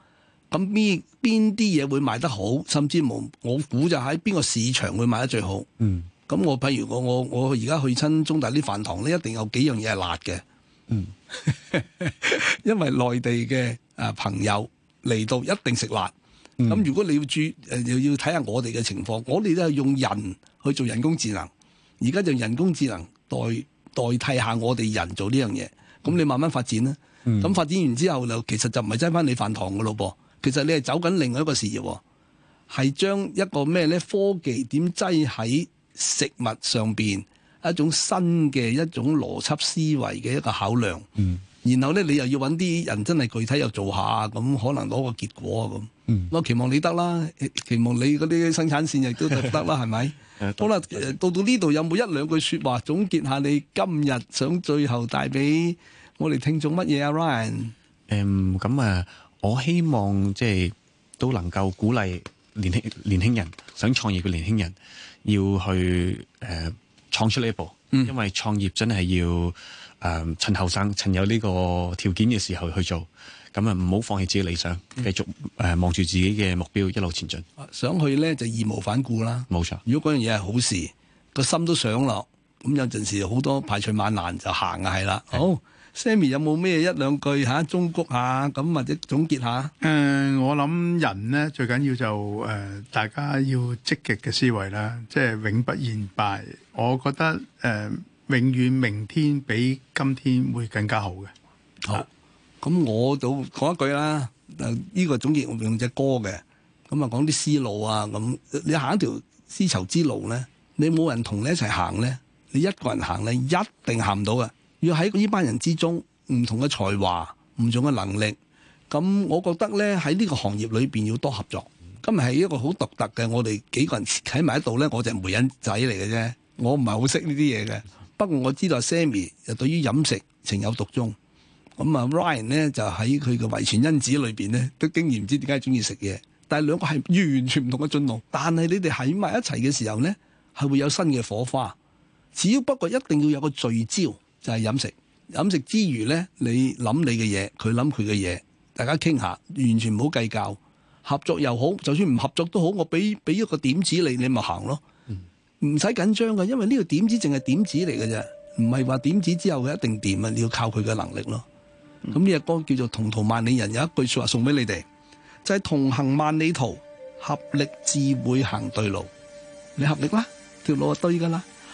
咁邊邊啲嘢會賣得好，甚至冇我估就喺邊個市場會賣得最好。嗯，咁我譬如我我我而家去親中大啲飯堂咧，一定有幾樣嘢係辣嘅。嗯， 因為內地嘅啊朋友嚟到一定食辣。咁、嗯、如果你要注誒，又、呃、要睇下我哋嘅情況，我哋都係用人去做人工智能，而家就人工智能代代替下我哋人做呢樣嘢。咁你慢慢發展啦。咁、嗯、發展完之後就其實就唔係爭翻你飯堂嘅咯噃。其實你係走緊另外一個事業，係將一個咩咧科技點擠喺食物上邊，一種新嘅一種邏輯思維嘅一個考量。嗯。然後咧，你又要揾啲人真係具體又做下，咁可能攞個結果咁。嗯。我期望你得啦，期望你嗰啲生產線亦都得啦，係咪？ 好啦，呃，到到呢度有冇一兩句說話總結下你今日想最後帶俾我哋聽眾乜嘢啊？Ryan 嗯。嗯，咁啊。我希望即係都能夠鼓勵年輕年輕人想創業嘅年輕人要去誒、呃、創出呢一步，嗯、因為創業真係要誒、呃、趁後生、趁有呢個條件嘅時候去做，咁啊唔好放棄自己理想，嗯、繼續誒望住自己嘅目標一路前進。想去咧就義無反顧啦，冇錯。如果嗰樣嘢係好事，個心都想落，咁有陣時好多排除萬難就行係、啊、啦，的好。Sammy 有冇咩一兩句嚇、啊、總結下？誒、嗯，我諗人咧最緊要就誒、是呃，大家要積極嘅思維啦，即係永不言敗。我覺得誒、呃，永遠明天比今天會更加好嘅。好，咁、啊、我都講一句啦。呢、這個總結用隻歌嘅，咁啊講啲思路啊咁。你行一條絲綢之路咧，你冇人同你一齊行咧，你一個人行咧，一定行唔到嘅。要喺呢班人之中，唔同嘅才華，唔同嘅能力。咁我覺得咧，喺呢個行業裏邊要多合作。今日係一個好獨特嘅。我哋幾個人喺埋一度咧，我就係媒人仔嚟嘅啫。我唔係好識呢啲嘢嘅，不過我知道 Sammy 就對於飲食情有獨鍾。咁啊，Ryan 呢，就喺佢嘅遺傳因子裏邊呢，都經驗唔知點解中意食嘢，但係兩個係完全唔同嘅進路。但係你哋喺埋一齊嘅時候呢，係會有新嘅火花。只要不過一定要有個聚焦。就係飲食，飲食之餘咧，你諗你嘅嘢，佢諗佢嘅嘢，大家傾下，完全唔好計較，合作又好，就算唔合作都好，我俾俾一個點子你，你咪行咯，唔使、嗯、緊張嘅，因為呢個點子淨係點子嚟嘅啫，唔係話點子之後佢一定掂啊，你要靠佢嘅能力咯。咁呢隻歌叫做《同途萬里人》，有一句説話送俾你哋，就係、是、同行萬里途，合力自會行對路。你合力啦，條路就對㗎啦。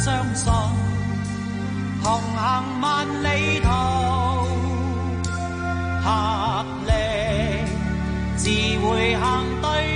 相信同行萬里途，合力自會行對。